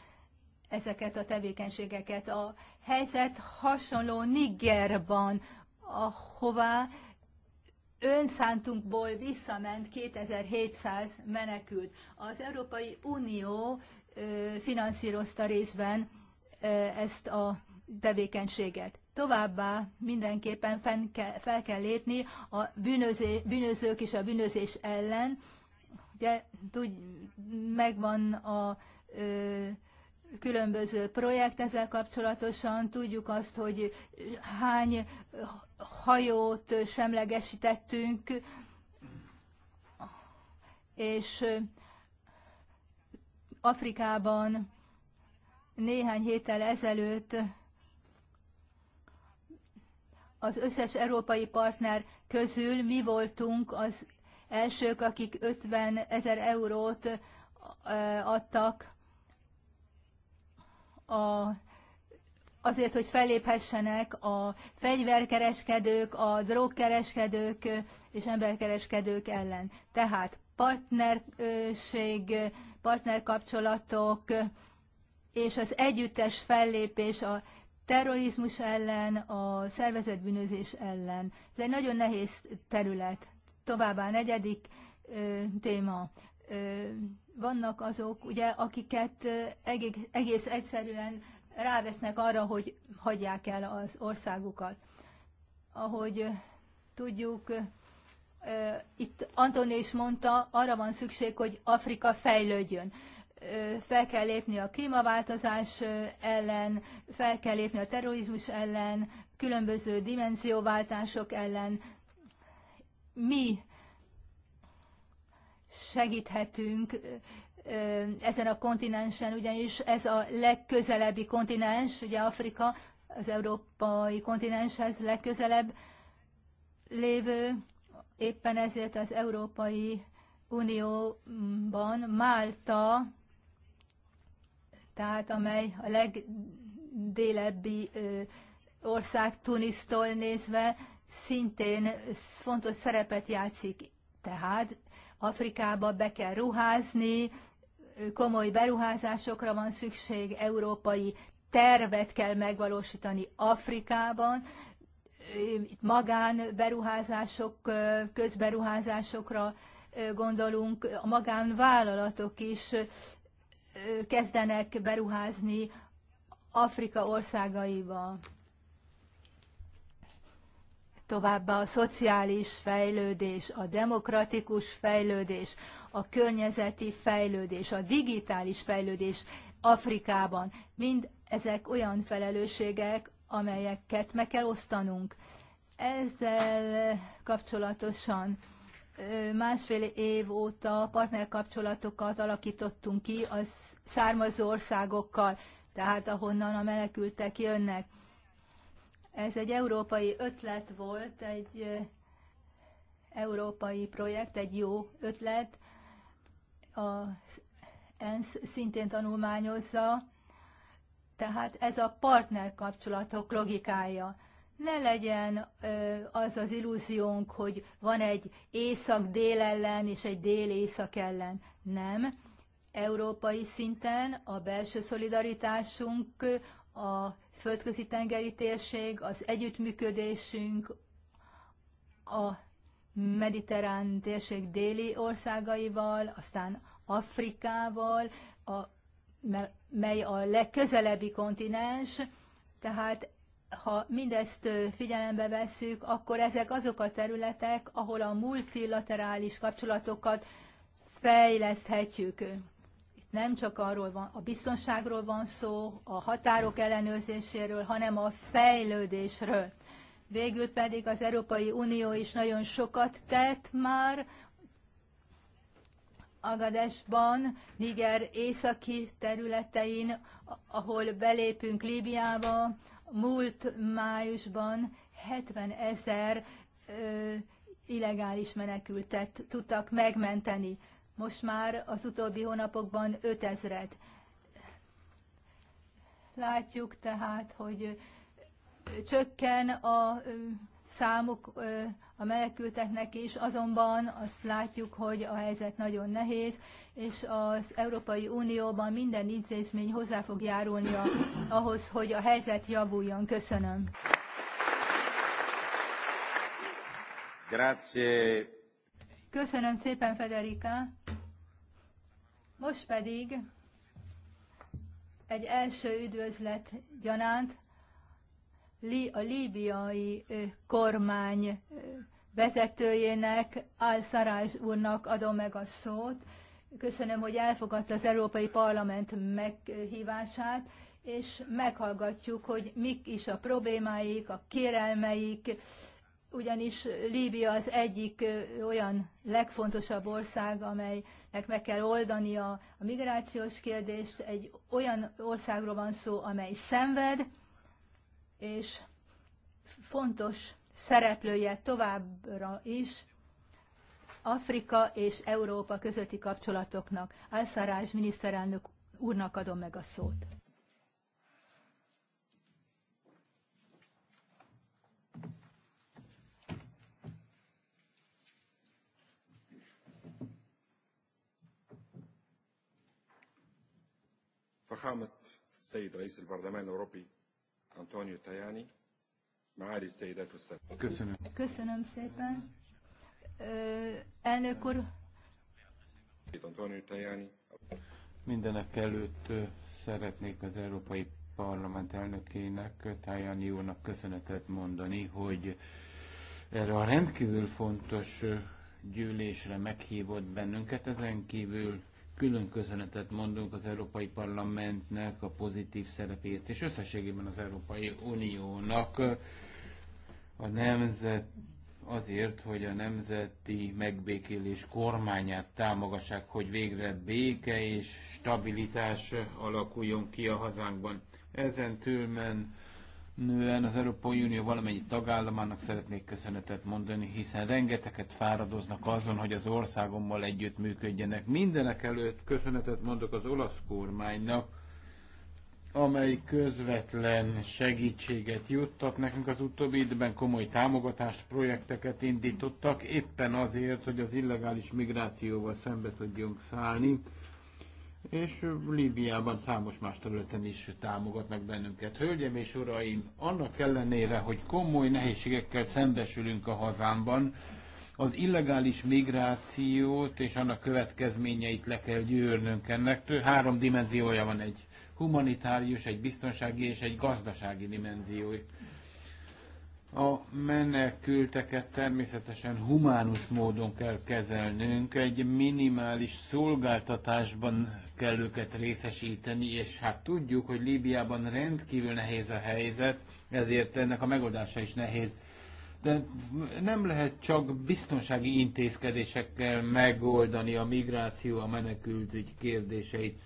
ezeket a tevékenységeket. A helyzet hasonló Nigerban, ahová önszántunkból visszament 2700 menekült. Az Európai Unió finanszírozta részben ezt a tevékenységet. Továbbá mindenképpen fel kell lépni a bűnözé, bűnözők és a bűnözés ellen. Ugye tud, megvan a ö, különböző projekt ezzel kapcsolatosan, tudjuk azt, hogy hány hajót semlegesítettünk, és Afrikában néhány héttel ezelőtt az összes európai partner közül mi voltunk az elsők, akik 50 ezer eurót adtak a, azért, hogy feléphessenek a fegyverkereskedők, a drogkereskedők és emberkereskedők ellen. Tehát partnerség, partnerkapcsolatok és az együttes fellépés a terrorizmus ellen, a szervezetbűnözés ellen. Ez egy nagyon nehéz terület. Továbbá negyedik ö, téma. Ö, vannak azok, ugye, akiket egész, egész egyszerűen rávesznek arra, hogy hagyják el az országukat. Ahogy tudjuk, itt Antoni is mondta, arra van szükség, hogy Afrika fejlődjön fel kell lépni a klímaváltozás ellen, fel kell lépni a terrorizmus ellen, különböző dimenzióváltások ellen. Mi segíthetünk ezen a kontinensen, ugyanis ez a legközelebbi kontinens, ugye Afrika az európai kontinenshez legközelebb lévő, éppen ezért az Európai Unióban Málta tehát amely a legdélebbi ország Tunisztól nézve szintén fontos szerepet játszik. Tehát Afrikába be kell ruházni, komoly beruházásokra van szükség, európai tervet kell megvalósítani Afrikában, magán beruházások, közberuházásokra gondolunk, a magánvállalatok is kezdenek beruházni Afrika országaiba. Továbbá a szociális fejlődés, a demokratikus fejlődés, a környezeti fejlődés, a digitális fejlődés Afrikában. Mind ezek olyan felelősségek, amelyeket meg kell osztanunk. Ezzel kapcsolatosan másfél év óta partnerkapcsolatokat alakítottunk ki az származó országokkal, tehát ahonnan a menekültek jönnek. Ez egy európai ötlet volt, egy európai projekt, egy jó ötlet. A ENSZ szintén tanulmányozza, tehát ez a partnerkapcsolatok logikája ne legyen az az illúziónk, hogy van egy észak-dél ellen és egy dél-észak ellen. Nem. Európai szinten a belső szolidaritásunk, a földközi tengeri térség, az együttműködésünk, a mediterrán térség déli országaival, aztán Afrikával, a, mely a legközelebbi kontinens, tehát ha mindezt figyelembe vesszük, akkor ezek azok a területek, ahol a multilaterális kapcsolatokat fejleszthetjük. Itt nem csak arról van, a biztonságról van szó, a határok ellenőrzéséről, hanem a fejlődésről. Végül pedig az Európai Unió is nagyon sokat tett már Agadesban, Niger északi területein, ahol belépünk Líbiába, Múlt májusban 70 ezer illegális menekültet tudtak megmenteni. Most már az utóbbi hónapokban 5 ezeret. Látjuk tehát, hogy csökken a számuk a menekülteknek is, azonban azt látjuk, hogy a helyzet nagyon nehéz, és az Európai Unióban minden intézmény hozzá fog járulni a, ahhoz, hogy a helyzet javuljon. Köszönöm. Grazie. Köszönöm szépen, Federica. Most pedig egy első üdvözlet gyanánt a líbiai kormány vezetőjének, Al-Sarraj úrnak adom meg a szót. Köszönöm, hogy elfogadta az Európai Parlament meghívását, és meghallgatjuk, hogy mik is a problémáik, a kérelmeik, ugyanis Líbia az egyik olyan legfontosabb ország, amelynek meg kell oldania a migrációs kérdést. Egy olyan országról van szó, amely szenved, és fontos szereplője továbbra is Afrika és Európa közötti kapcsolatoknak. Álszarás miniszterelnök úrnak adom meg a szót. فخامة السيد رئيس البرلمان الأوروبي Antonio Tajani, Mári Szédet Köszönöm. Köszönöm szépen. Ö, elnök úr. Antonio Tajani. Mindenek előtt szeretnék az Európai Parlament elnökének, Tajani úrnak köszönetet mondani, hogy erre a rendkívül fontos gyűlésre meghívott bennünket, ezen kívül külön köszönetet mondunk az Európai Parlamentnek a pozitív szerepét, és összességében az Európai Uniónak a nemzet azért, hogy a nemzeti megbékélés kormányát támogassák, hogy végre béke és stabilitás alakuljon ki a hazánkban. Ezen tőlmen nően az Európai Unió valamennyi tagállamának szeretnék köszönetet mondani, hiszen rengeteget fáradoznak azon, hogy az országommal együtt működjenek. Mindenek előtt köszönetet mondok az olasz kormánynak, amely közvetlen segítséget juttat nekünk az utóbbi időben komoly támogatást, projekteket indítottak, éppen azért, hogy az illegális migrációval szembe tudjunk szállni és Líbiában számos más területen is támogatnak bennünket. Hölgyem és uraim, annak ellenére, hogy komoly nehézségekkel szembesülünk a hazámban, az illegális migrációt és annak következményeit le kell gyűrnünk. Ennek három dimenziója van, egy humanitárius, egy biztonsági és egy gazdasági dimenziója. A menekülteket természetesen humánus módon kell kezelnünk, egy minimális szolgáltatásban kell őket részesíteni, és hát tudjuk, hogy Líbiában rendkívül nehéz a helyzet, ezért ennek a megoldása is nehéz. De nem lehet csak biztonsági intézkedésekkel megoldani a migráció, a menekültügy kérdéseit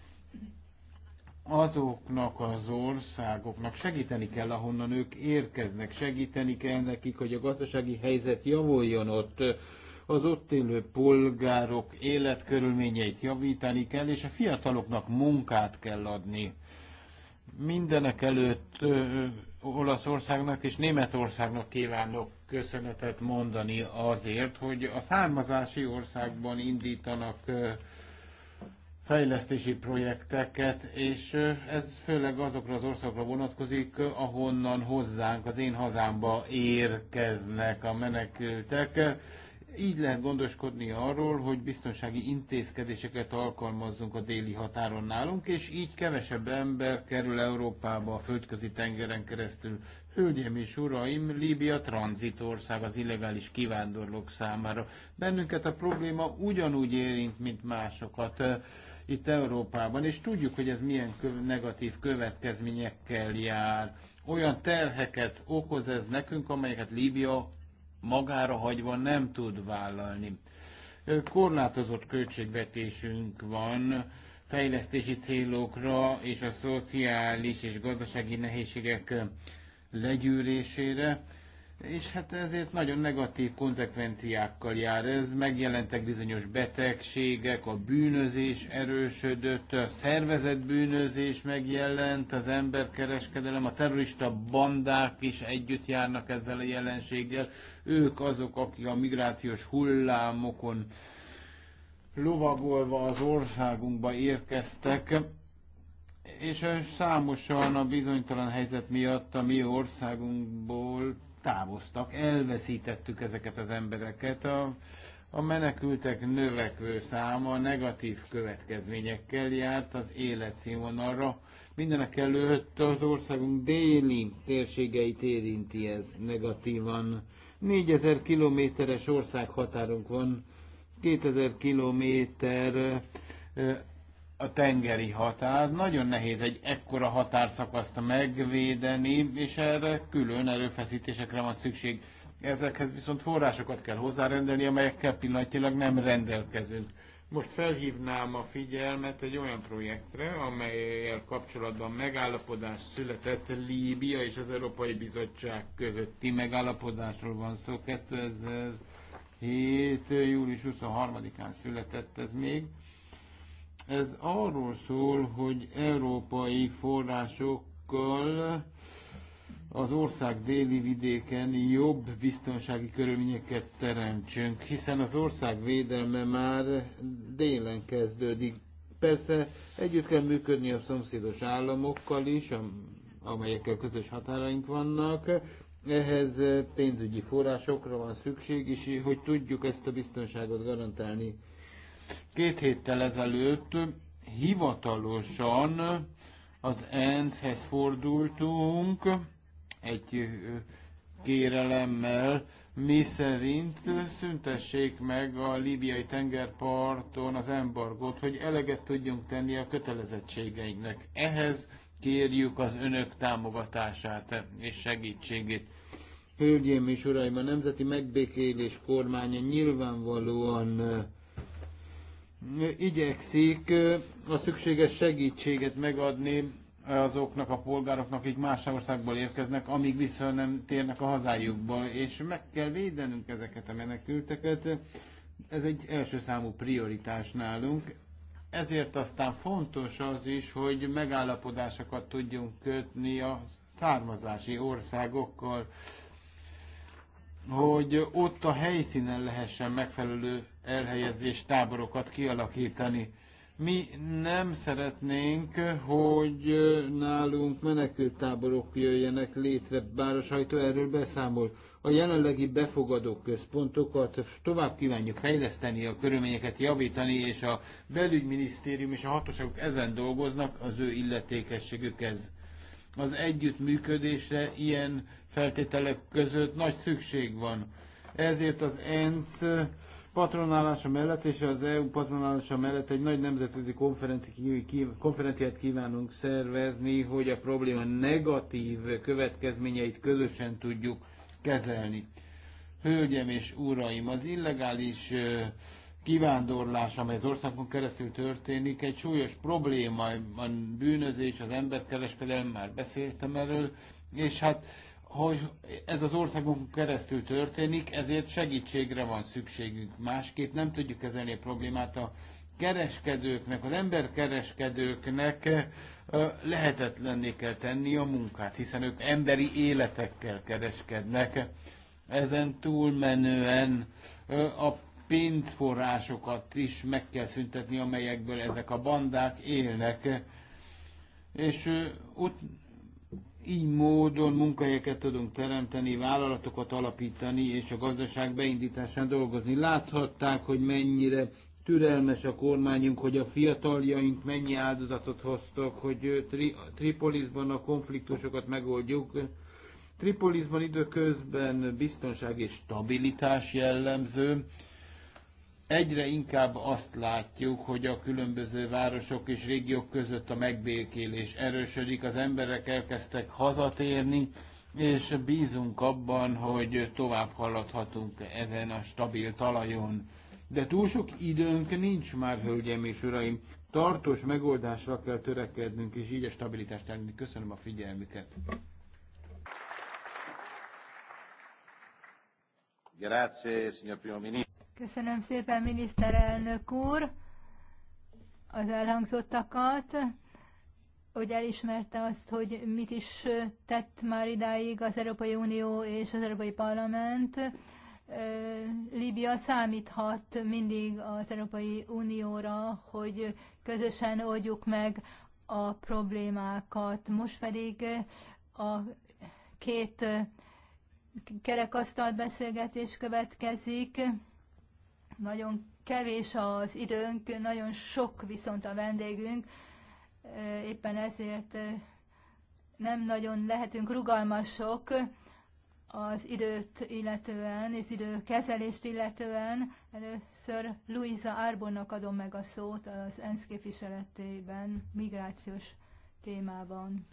azoknak az országoknak segíteni kell, ahonnan ők érkeznek, segíteni kell nekik, hogy a gazdasági helyzet javuljon ott, az ott élő polgárok életkörülményeit javítani kell, és a fiataloknak munkát kell adni. Mindenek előtt Olaszországnak és Németországnak kívánok köszönetet mondani azért, hogy a származási országban indítanak fejlesztési projekteket, és ez főleg azokra az országokra vonatkozik, ahonnan hozzánk, az én hazámba érkeznek a menekültek. Így lehet gondoskodni arról, hogy biztonsági intézkedéseket alkalmazzunk a déli határon nálunk, és így kevesebb ember kerül Európába a földközi tengeren keresztül. Hölgyeim és uraim, Líbia tranzitország az illegális kivándorlók számára. Bennünket a probléma ugyanúgy érint, mint másokat itt Európában, és tudjuk, hogy ez milyen kö- negatív következményekkel jár. Olyan terheket okoz ez nekünk, amelyeket Líbia magára hagyva nem tud vállalni. Korlátozott költségvetésünk van fejlesztési célokra és a szociális és gazdasági nehézségek legyűrésére és hát ezért nagyon negatív konzekvenciákkal jár ez. Megjelentek bizonyos betegségek, a bűnözés erősödött, a szervezett bűnözés megjelent, az emberkereskedelem, a terrorista bandák is együtt járnak ezzel a jelenséggel. Ők azok, akik a migrációs hullámokon lovagolva az országunkba érkeztek és számosan a bizonytalan helyzet miatt a mi országunkból távoztak, elveszítettük ezeket az embereket. A, a menekültek növekvő száma negatív következményekkel járt az életszínvonalra. Mindenek előtt az országunk déli térségeit érinti ez negatívan. 4000 kilométeres országhatárunk van, 2000 kilométer a tengeri határ. Nagyon nehéz egy ekkora határszakaszt megvédeni, és erre külön erőfeszítésekre van szükség. Ezekhez viszont forrásokat kell hozzárendelni, amelyekkel pillanatilag nem rendelkezünk. Most felhívnám a figyelmet egy olyan projektre, amelyel kapcsolatban megállapodás született Líbia és az Európai Bizottság közötti megállapodásról van szó. 2007. július 23-án született ez még ez arról szól, hogy európai forrásokkal az ország déli vidéken jobb biztonsági körülményeket teremtsünk, hiszen az ország védelme már délen kezdődik. Persze együtt kell működni a szomszédos államokkal is, amelyekkel közös határaink vannak. Ehhez pénzügyi forrásokra van szükség, és hogy tudjuk ezt a biztonságot garantálni. Két héttel ezelőtt hivatalosan az ENSZ-hez fordultunk egy kérelemmel, mi szerint szüntessék meg a líbiai tengerparton az embargót, hogy eleget tudjunk tenni a kötelezettségeinknek. Ehhez kérjük az önök támogatását és segítségét. Hölgyeim és uraim, a Nemzeti Megbékélés Kormánya nyilvánvalóan igyekszik a szükséges segítséget megadni azoknak a polgároknak, akik más országból érkeznek, amíg vissza nem térnek a hazájukba, és meg kell védenünk ezeket a menekülteket. Ez egy első számú prioritás nálunk. Ezért aztán fontos az is, hogy megállapodásokat tudjunk kötni a származási országokkal, hogy ott a helyszínen lehessen megfelelő elhelyezés táborokat kialakítani. Mi nem szeretnénk, hogy nálunk menekültáborok jöjjenek létre, bár a sajtó erről beszámol. A jelenlegi befogadó központokat tovább kívánjuk fejleszteni, a körülményeket javítani, és a belügyminisztérium és a hatóságok ezen dolgoznak, az ő illetékességük ez az együttműködésre ilyen feltételek között nagy szükség van. Ezért az ENSZ patronálása mellett és az EU patronálása mellett egy nagy nemzetközi konferenciát kívánunk szervezni, hogy a probléma negatív következményeit közösen tudjuk kezelni. Hölgyem és uraim, az illegális kivándorlás, amely az országon keresztül történik, egy súlyos probléma, a bűnözés, az emberkereskedelem, már beszéltem erről, és hát hogy ez az országon keresztül történik, ezért segítségre van szükségünk. Másképp nem tudjuk kezelni a problémát a kereskedőknek, az emberkereskedőknek lehetetlenné kell tenni a munkát, hiszen ők emberi életekkel kereskednek. Ezen túlmenően a pénzforrásokat is meg kell szüntetni, amelyekből ezek a bandák élnek. És ott így módon munkahelyeket tudunk teremteni, vállalatokat alapítani, és a gazdaság beindításán dolgozni. Láthatták, hogy mennyire türelmes a kormányunk, hogy a fiataljaink mennyi áldozatot hoztak, hogy tri- Tripolisban a konfliktusokat megoldjuk. Tripolisban időközben biztonság és stabilitás jellemző, egyre inkább azt látjuk, hogy a különböző városok és régiók között a megbékélés erősödik, az emberek elkezdtek hazatérni, és bízunk abban, hogy tovább haladhatunk ezen a stabil talajon. De túl sok időnk nincs már, hölgyeim és uraim. Tartós megoldásra kell törekednünk, és így a stabilitást elérni. Köszönöm a figyelmüket. Grazie, signor Primo Ministro. Köszönöm szépen, miniszterelnök úr, az elhangzottakat, hogy elismerte azt, hogy mit is tett már idáig az Európai Unió és az Európai Parlament. Líbia számíthat mindig az Európai Unióra, hogy közösen oldjuk meg a problémákat. Most pedig a két kerekasztalt beszélgetés következik nagyon kevés az időnk, nagyon sok viszont a vendégünk, éppen ezért nem nagyon lehetünk rugalmasok az időt illetően, az időkezelést illetően. Először Luisa Árbonnak adom meg a szót az ENSZ képviseletében, migrációs témában.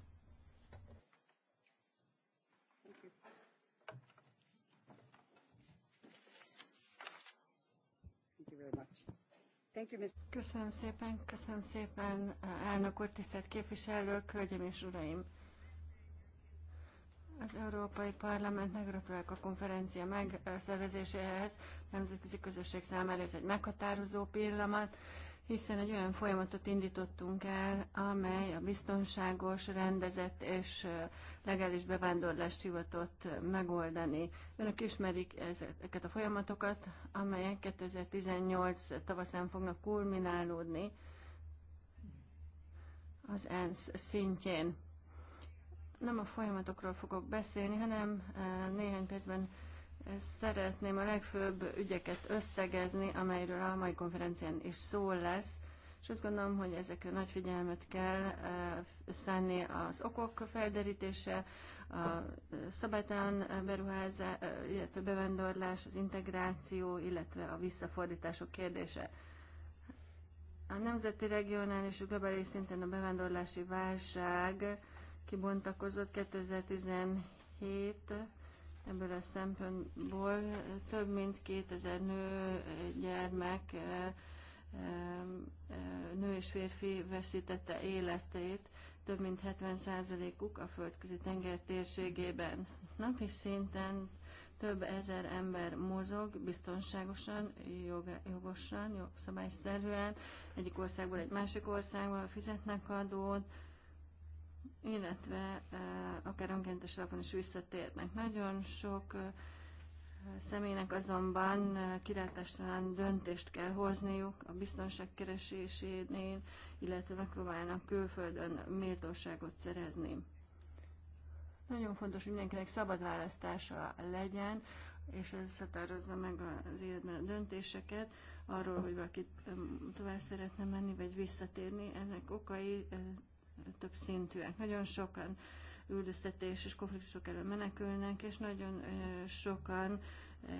Köszönöm szépen, köszönöm szépen, elnök úr, tisztelt képviselők, hölgyeim és uraim! Az Európai Parlamentnek gratulálok a konferencia megszervezéséhez. Nemzetközi közösség számára ez egy meghatározó pillanat hiszen egy olyan folyamatot indítottunk el, amely a biztonságos, rendezett és legális bevándorlást hivatott megoldani. Önök ismerik ezeket a folyamatokat, amelyek 2018 tavaszán fognak kulminálódni az ENSZ szintjén. Nem a folyamatokról fogok beszélni, hanem néhány percben Szeretném a legfőbb ügyeket összegezni, amelyről a mai konferencián is szó lesz, és azt gondolom, hogy ezekre nagy figyelmet kell szánni az okok felderítése, a szabálytalan beruházás, illetve bevendorlás, az integráció, illetve a visszafordítások kérdése. A nemzeti, regionális és globális szinten a bevándorlási válság kibontakozott 2017 Ebből a szempontból több mint 2000 nő, eh, gyermek, eh, eh, nő és férfi veszítette életét, több mint 70%-uk a földközi tenger térségében. Napi szinten több ezer ember mozog biztonságosan, jog, jogosan, jogszabályszerűen, egyik országból egy másik országba fizetnek adót, illetve akár önkéntes alapon is visszatérnek. Nagyon sok személynek azonban kilátástalan döntést kell hozniuk a biztonság keresésénél, illetve megpróbálnak külföldön méltóságot szerezni. Nagyon fontos, hogy mindenkinek szabad választása legyen, és ez határozza meg az életben a döntéseket, arról, hogy valaki tovább szeretne menni, vagy visszatérni. Ennek okai több szintűek. Nagyon sokan üldöztetés és konfliktusok elől menekülnek, és nagyon sokan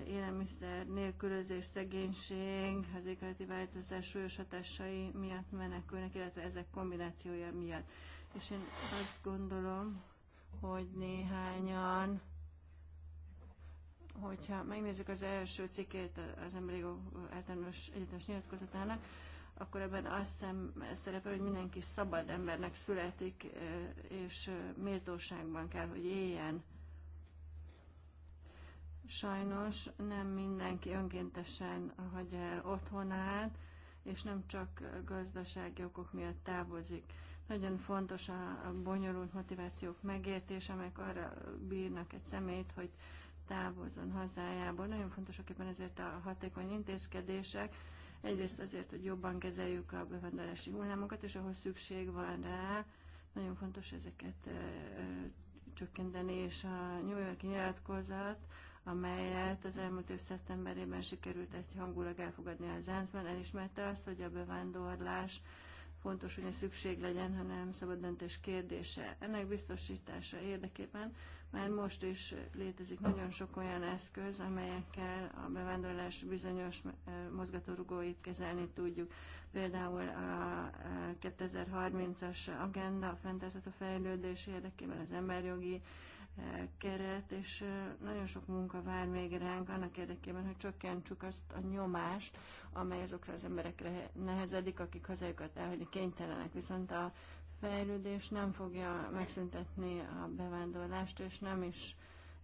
élelmiszer nélkülözés, szegénység, az éghajlati változás súlyos hatásai miatt menekülnek, illetve ezek kombinációja miatt. És én azt gondolom, hogy néhányan hogyha megnézzük az első cikkét az emberi általános egyetemes nyilatkozatának, akkor ebben azt szerepel, hogy mindenki szabad embernek születik, és méltóságban kell, hogy éljen. Sajnos nem mindenki önkéntesen hagyja el otthonát, és nem csak gazdasági okok miatt távozik. Nagyon fontos a bonyolult motivációk megértése, amelyek arra bírnak egy szemét, hogy távozzon hazájából. Nagyon fontosak éppen ezért a hatékony intézkedések, Egyrészt azért, hogy jobban kezeljük a bevándorlási hullámokat, és ahol szükség van rá, nagyon fontos ezeket csökkenteni, és a New York nyilatkozat, amelyet az elmúlt év szeptemberében sikerült egy hangulag elfogadni az ENSZ-ben, elismerte azt, hogy a bevándorlás fontos, hogy a szükség legyen, hanem szabad döntés kérdése. Ennek biztosítása érdekében már most is létezik nagyon sok olyan eszköz, amelyekkel a bevándorlás bizonyos eh, mozgatórugóit kezelni tudjuk. Például a 2030-as eh, agenda, a fenntartható fejlődés érdekében az emberjogi eh, keret, és nagyon sok munka vár még ránk annak érdekében, hogy csökkentsük azt a nyomást, amely azokra az emberekre nehezedik, akik hazájukat elhagyni kénytelenek. Viszont a fejlődés nem fogja megszüntetni a bevándorlást, és nem is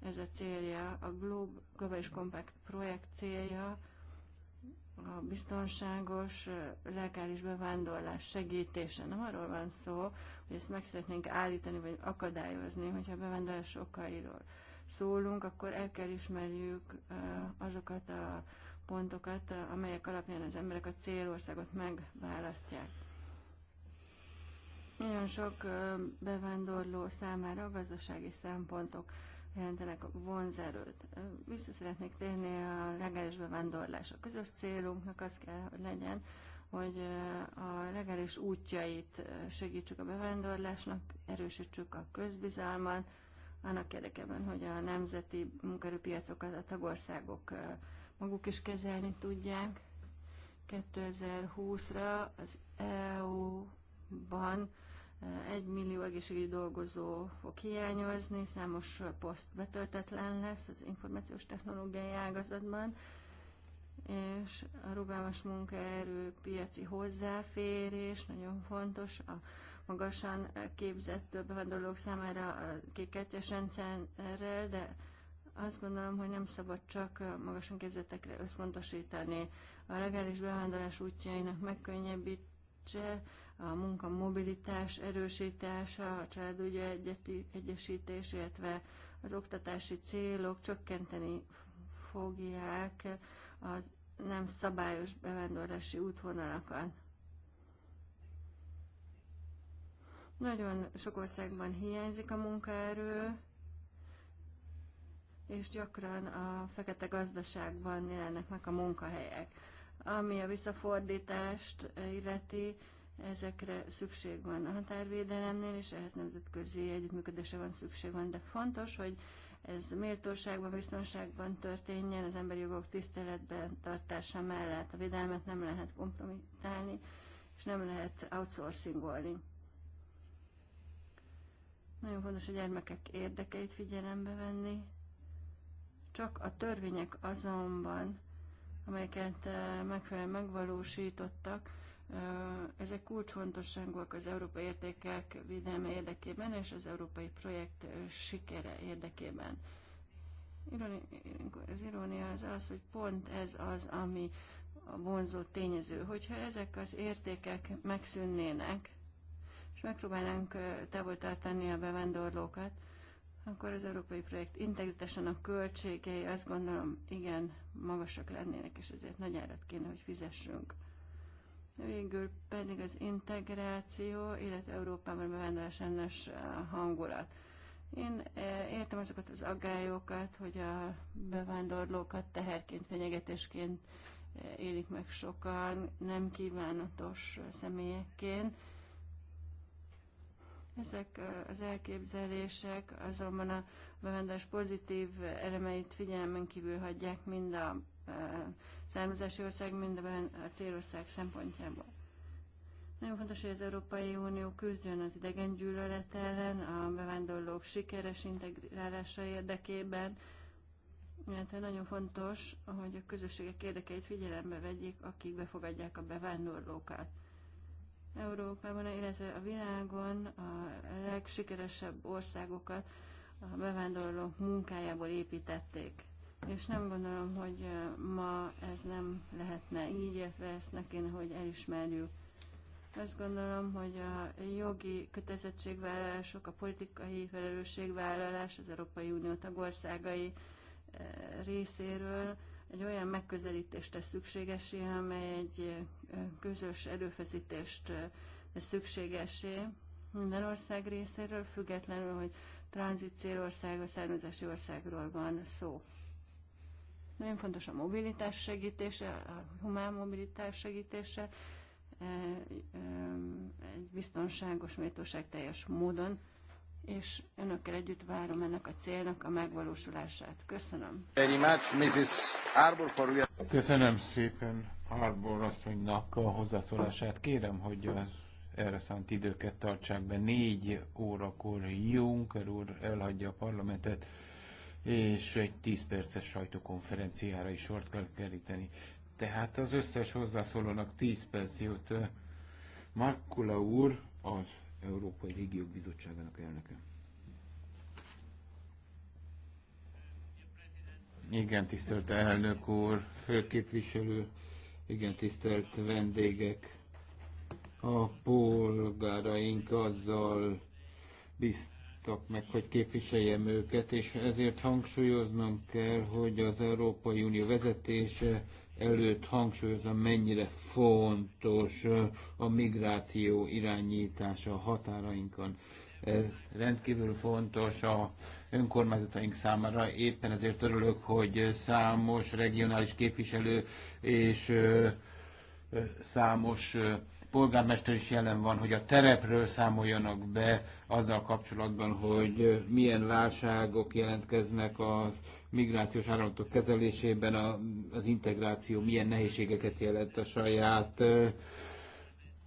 ez a célja. A Globális Compact projekt célja a biztonságos, legális bevándorlás segítése. Nem arról van szó, hogy ezt meg szeretnénk állítani, vagy akadályozni, hogyha a bevándorlás okairól szólunk, akkor el kell ismerjük azokat a pontokat, amelyek alapján az emberek a célországot megválasztják. Nagyon sok bevándorló számára a gazdasági szempontok jelentenek vonzerőt. Vissza szeretnék térni a legális bevándorlás. A közös célunknak az kell, hogy legyen, hogy a legális útjait segítsük a bevándorlásnak, erősítsük a közbizalmat, annak érdekében, hogy a nemzeti munkerőpiacokat a tagországok maguk is kezelni tudják. 2020-ra az EU-ban egy millió egészségügyi dolgozó fog hiányozni, számos poszt betöltetlen lesz az információs technológiai ágazatban, és a rugalmas munkaerő piaci hozzáférés nagyon fontos. A magasan képzett bevándorlók számára a kékkártyás rendszerrel, de azt gondolom, hogy nem szabad csak magasan képzettekre összpontosítani. A legális bevándorlás útjainak megkönnyebbítse a munka mobilitás erősítése, a családügyi egyeti, egyesítés, illetve az oktatási célok csökkenteni fogják az nem szabályos bevándorlási útvonalakat. Nagyon sok országban hiányzik a munkaerő, és gyakran a fekete gazdaságban jelennek meg a munkahelyek. Ami a visszafordítást illeti, ezekre szükség van a határvédelemnél, és ehhez nemzetközi együttműködése van szükség van, de fontos, hogy ez méltóságban, biztonságban történjen, az emberi jogok tiszteletben tartása mellett a védelmet nem lehet kompromittálni, és nem lehet outsourcingolni. Nagyon fontos a gyermekek érdekeit figyelembe venni. Csak a törvények azonban, amelyeket eh, megfelelően megvalósítottak, ezek kulcsfontosságúak az európai értékek védelme érdekében és az európai projekt sikere érdekében. Az irónia az az, hogy pont ez az, ami a vonzó tényező. Hogyha ezek az értékek megszűnnének, és megpróbálnánk távol tartani a bevándorlókat, akkor az európai projekt integritásan a költségei azt gondolom igen magasak lennének, és ezért nagy árat kéne, hogy fizessünk. Végül pedig az integráció, illetve Európában bevándorlás ellenes eh, hangulat. Én eh, értem azokat az aggályokat, hogy a bevándorlókat teherként, fenyegetésként eh, élik meg sokan, nem kívánatos személyekként. Ezek az elképzelések azonban a bevándorlás pozitív elemeit figyelmen kívül hagyják mind a származási ország, mindeben a célország szempontjából. Nagyon fontos, hogy az Európai Unió küzdjön az idegen gyűlölet ellen, a bevándorlók sikeres integrálása érdekében, illetve nagyon fontos, hogy a közösségek érdekeit figyelembe vegyék, akik befogadják a bevándorlókat. Európában, illetve a világon a legsikeresebb országokat a bevándorlók munkájából építették és nem gondolom, hogy ma ez nem lehetne így, illetve ezt ne kéne, hogy elismerjük. Azt gondolom, hogy a jogi kötelezettségvállalások, a politikai felelősségvállalás az Európai Unió tagországai részéről egy olyan megközelítést tesz szükségesé, amely egy közös erőfeszítést tesz szükségesé minden ország részéről, függetlenül, hogy tranzit célország, a származási országról van szó. Nagyon fontos a mobilitás segítése, a humán mobilitás segítése, e, e, egy biztonságos, méltóság teljes módon, és önökkel együtt várom ennek a célnak a megvalósulását. Köszönöm. Very much, Mrs. for Köszönöm szépen Arbor asszonynak a hozzászólását. Kérem, hogy az erre szánt időket tartsák be. Négy órakor Juncker úr elhagyja a parlamentet és egy 10 perces sajtókonferenciára is sort kell keríteni. Tehát az összes hozzászólónak 10 perc jut. Markula úr, az Európai Régiók Bizottságának elnöke. Igen, tisztelt elnök úr, főképviselő, igen, tisztelt vendégek, a polgáraink azzal bizt, hívtak meg, hogy képviseljem őket, és ezért hangsúlyoznom kell, hogy az Európai Unió vezetése előtt hangsúlyozom, mennyire fontos a migráció irányítása a határainkon. Ez rendkívül fontos a önkormányzataink számára. Éppen ezért örülök, hogy számos regionális képviselő és számos polgármester is jelen van, hogy a terepről számoljanak be azzal kapcsolatban, hogy milyen válságok jelentkeznek a migrációs áramlatok kezelésében, a, az integráció milyen nehézségeket jelent a saját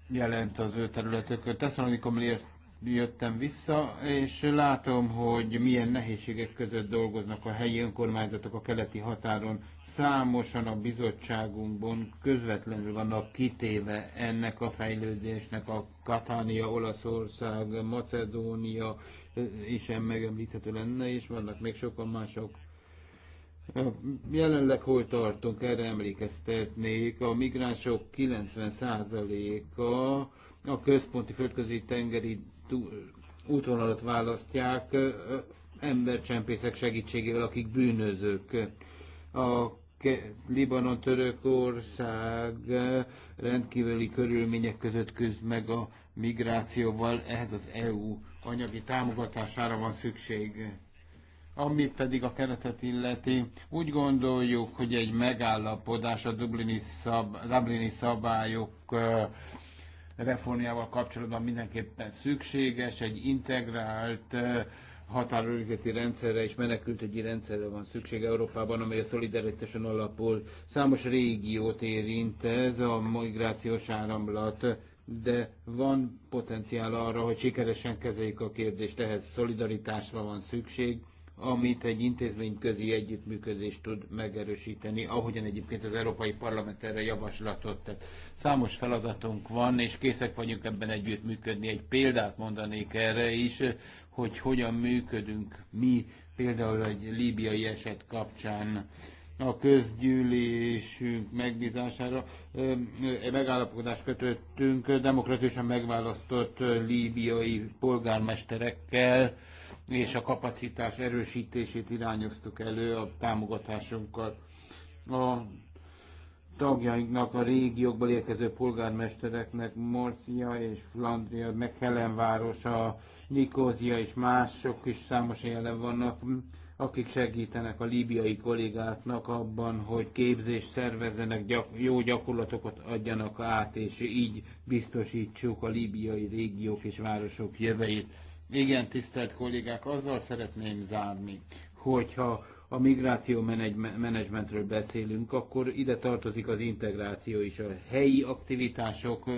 jelent az ő területökön. Tesszalonikom miért jöttem vissza, és látom, hogy milyen nehézségek között dolgoznak a helyi önkormányzatok a keleti határon. Számosan a bizottságunkban közvetlenül vannak kitéve ennek a fejlődésnek a Katánia, Olaszország, Macedónia is megemlíthető lenne, és vannak még sokan mások. Jelenleg hol tartunk, erre emlékeztetnék. A migránsok 90%-a a központi földközi tengeri útvonalat választják embercsempészek segítségével, akik bűnözők. A Libanon, Törökország rendkívüli körülmények között küzd meg a migrációval, ehhez az EU anyagi támogatására van szükség. Ami pedig a keretet illeti, úgy gondoljuk, hogy egy megállapodás a Dublini, szab, Dublini szabályok reformjával kapcsolatban mindenképpen szükséges, egy integrált határőrizeti rendszerre és menekültügyi rendszerre van szükség Európában, amely a szolidaritáson alapul. Számos régiót érint ez a migrációs áramlat, de van potenciál arra, hogy sikeresen kezeljük a kérdést, ehhez szolidaritásra van szükség amit egy intézményközi együttműködés tud megerősíteni, ahogyan egyébként az Európai Parlament erre javaslatot tett. Számos feladatunk van, és készek vagyunk ebben együttműködni. Egy példát mondanék erre is, hogy hogyan működünk mi, például egy líbiai eset kapcsán a közgyűlésünk megbízására megállapodást kötöttünk demokratikusan megválasztott líbiai polgármesterekkel, és a kapacitás erősítését irányoztuk elő a támogatásunkkal. A tagjainknak, a régiókból érkező polgármestereknek, Morcia és Flandria, meg Helenvárosa, Nikózia és mások is számos jelen vannak, akik segítenek a líbiai kollégáknak abban, hogy képzést szervezzenek, gyak, jó gyakorlatokat adjanak át, és így biztosítsuk a líbiai régiók és városok jövőjét. Igen, tisztelt kollégák, azzal szeretném zárni, hogyha a migráció menedzsmentről beszélünk, akkor ide tartozik az integráció is. A helyi aktivitások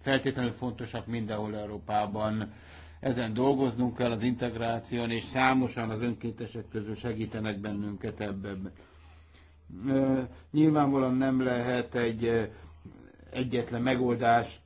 feltétlenül fontosak mindenhol Európában. Ezen dolgoznunk kell az integráción, és számosan az önkéntesek közül segítenek bennünket ebben. Nyilvánvalóan nem lehet egy egyetlen megoldást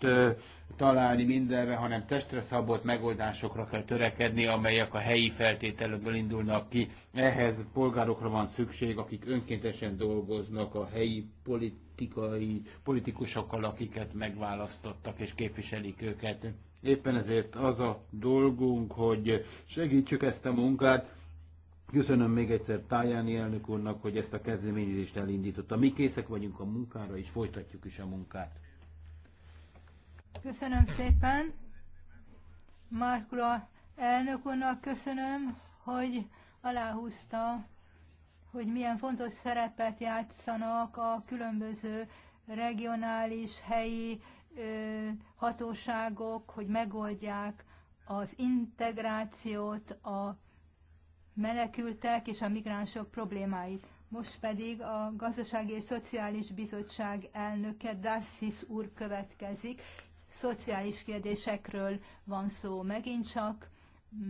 találni mindenre, hanem testre szabott megoldásokra kell törekedni, amelyek a helyi feltételekből indulnak ki. Ehhez polgárokra van szükség, akik önkéntesen dolgoznak a helyi politikai, politikusokkal, akiket megválasztottak és képviselik őket. Éppen ezért az a dolgunk, hogy segítsük ezt a munkát, Köszönöm még egyszer Tájáni elnök úrnak, hogy ezt a kezdeményezést elindította. Mi készek vagyunk a munkára, és folytatjuk is a munkát. Köszönöm szépen. Márkula elnök úrnak köszönöm, hogy aláhúzta, hogy milyen fontos szerepet játszanak a különböző regionális, helyi ö, hatóságok, hogy megoldják az integrációt, a menekültek és a migránsok problémáit. Most pedig a Gazdasági és Szociális Bizottság elnöke Dassis úr következik. Szociális kérdésekről van szó megint csak,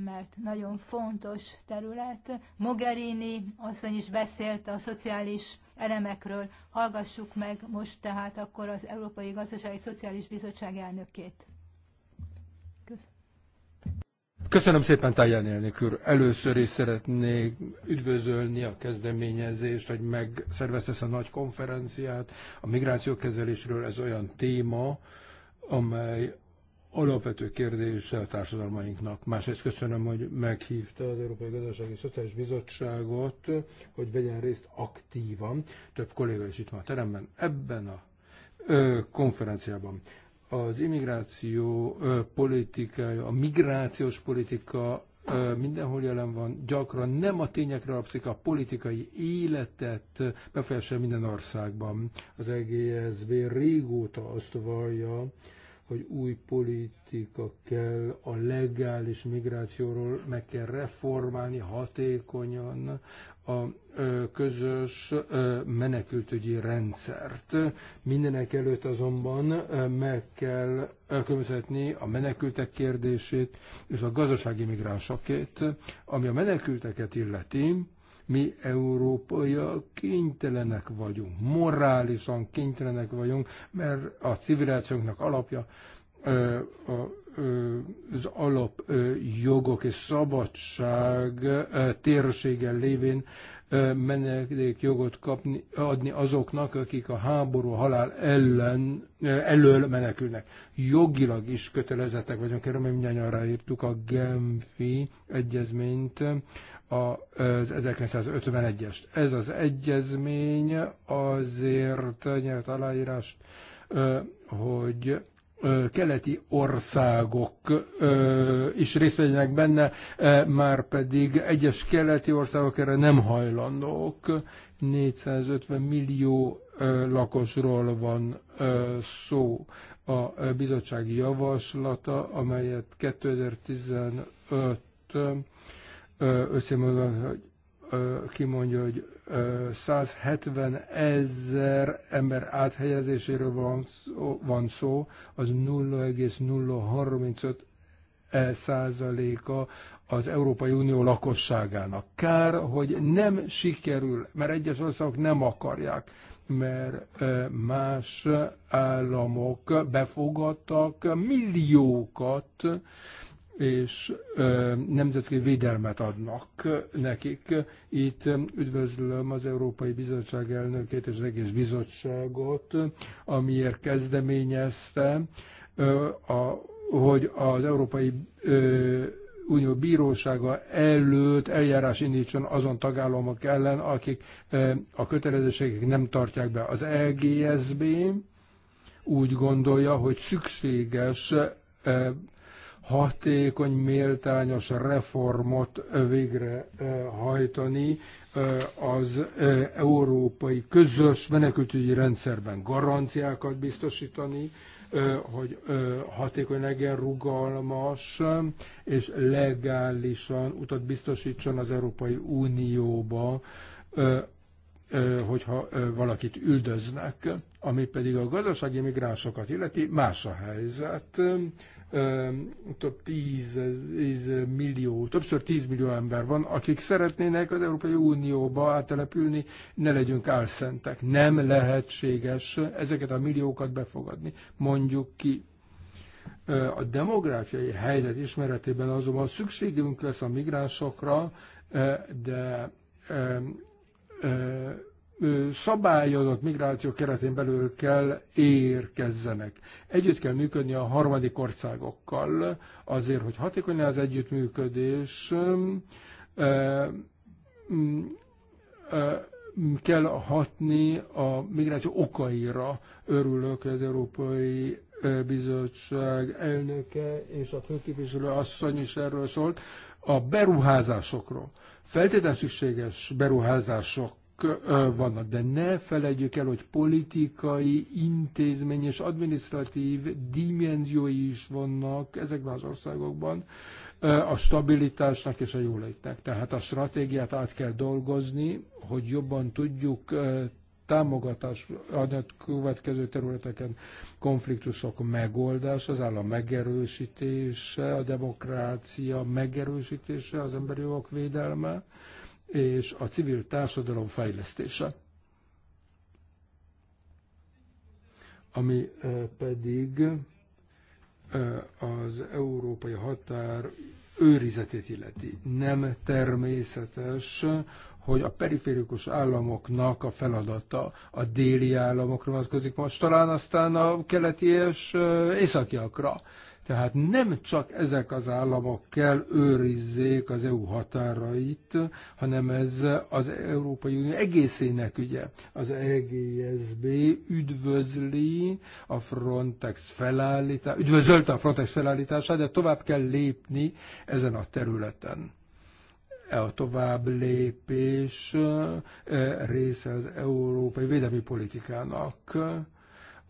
mert nagyon fontos terület. Mogherini asszony is beszélt a szociális elemekről. Hallgassuk meg most tehát akkor az Európai Gazdasági Szociális Bizottság elnökét. Köszönöm szépen, Táján elnök úr. Először is szeretnék üdvözölni a kezdeményezést, hogy megszervezte a nagy konferenciát. A migráció kezelésről ez olyan téma, amely alapvető kérdése a társadalmainknak. Másrészt köszönöm, hogy meghívta az Európai Gazdasági Szociális Bizottságot, hogy vegyen részt aktívan. Több kolléga is itt van a teremben ebben a ö, konferenciában. Az immigráció politikája, a migrációs politika mindenhol jelen van, gyakran nem a tényekre alapszik, a politikai életet befolyásolja minden országban. Az EGSB régóta azt vallja, hogy új politika kell, a legális migrációról meg kell reformálni hatékonyan a közös menekültügyi rendszert. Mindenek előtt azonban meg kell különböztetni a menekültek kérdését és a gazdasági migránsokét. Ami a menekülteket illeti, mi európaiak kénytelenek vagyunk, morálisan kénytelenek vagyunk, mert a civilizációnknak alapja az alapjogok és szabadság térségen lévén jogot kapni, adni azoknak, akik a háború halál ellen, elől menekülnek. Jogilag is kötelezettek vagyunk, erre mi mindjárt a Genfi egyezményt az 1951-est. Ez az egyezmény azért nyert aláírást, hogy keleti országok is részt vegyenek benne, már pedig egyes keleti országok erre nem hajlandók. 450 millió lakosról van szó a bizottság javaslata, amelyet 2015 összemondva, hogy kimondja, hogy 170 ezer ember áthelyezéséről van szó, van szó az 0,035 e százaléka az Európai Unió lakosságának. Kár, hogy nem sikerül, mert egyes országok nem akarják, mert más államok befogadtak milliókat, és nemzetközi védelmet adnak nekik. Itt üdvözlöm az Európai Bizottság elnökét és az egész bizottságot, amiért kezdeményezte, a, hogy az Európai Unió bírósága előtt eljárás indítson azon tagállamok ellen, akik a kötelezettségek nem tartják be. Az EGSB úgy gondolja, hogy szükséges hatékony, méltányos reformot végre hajtani az európai közös menekültügyi rendszerben garanciákat biztosítani, hogy hatékony legyen, rugalmas és legálisan utat biztosítson az Európai Unióba, hogyha valakit üldöznek. Ami pedig a gazdasági migránsokat illeti, más a helyzet több tíz, tíz millió, többször tíz millió ember van, akik szeretnének az Európai Unióba áttelepülni, ne legyünk álszentek. Nem lehetséges ezeket a milliókat befogadni, mondjuk ki. A demográfiai helyzet ismeretében azonban szükségünk lesz a migránsokra, de szabályozott migráció keretén belül kell érkezzenek. Együtt kell működni a harmadik országokkal azért, hogy hatékony az együttműködés, kell hatni a migráció okaira. Örülök, hogy az Európai Bizottság elnöke és a főképviselő asszony is erről szólt, a beruházásokról. Feltétlenül szükséges beruházások vannak, de ne felejtjük el, hogy politikai, intézmény és adminisztratív dimenziói is vannak ezekben az országokban a stabilitásnak és a jólétnek. Tehát a stratégiát át kell dolgozni, hogy jobban tudjuk támogatás adni a következő területeken konfliktusok megoldása, az állam megerősítése, a demokrácia megerősítése, az emberi jogok védelme, és a civil társadalom fejlesztése. Ami eh, pedig eh, az európai határ őrizetét illeti. Nem természetes, hogy a periférikus államoknak a feladata a déli államokra vonatkozik most, talán aztán a keleti és eh, északiakra. Tehát nem csak ezek az államok kell őrizzék az EU határait, hanem ez az Európai Unió egészének ügye. Az EGSB üdvözli a Frontex felállítását, üdvözölte a Frontex felállítását, de tovább kell lépni ezen a területen e a tovább lépés e, része az európai védelmi politikának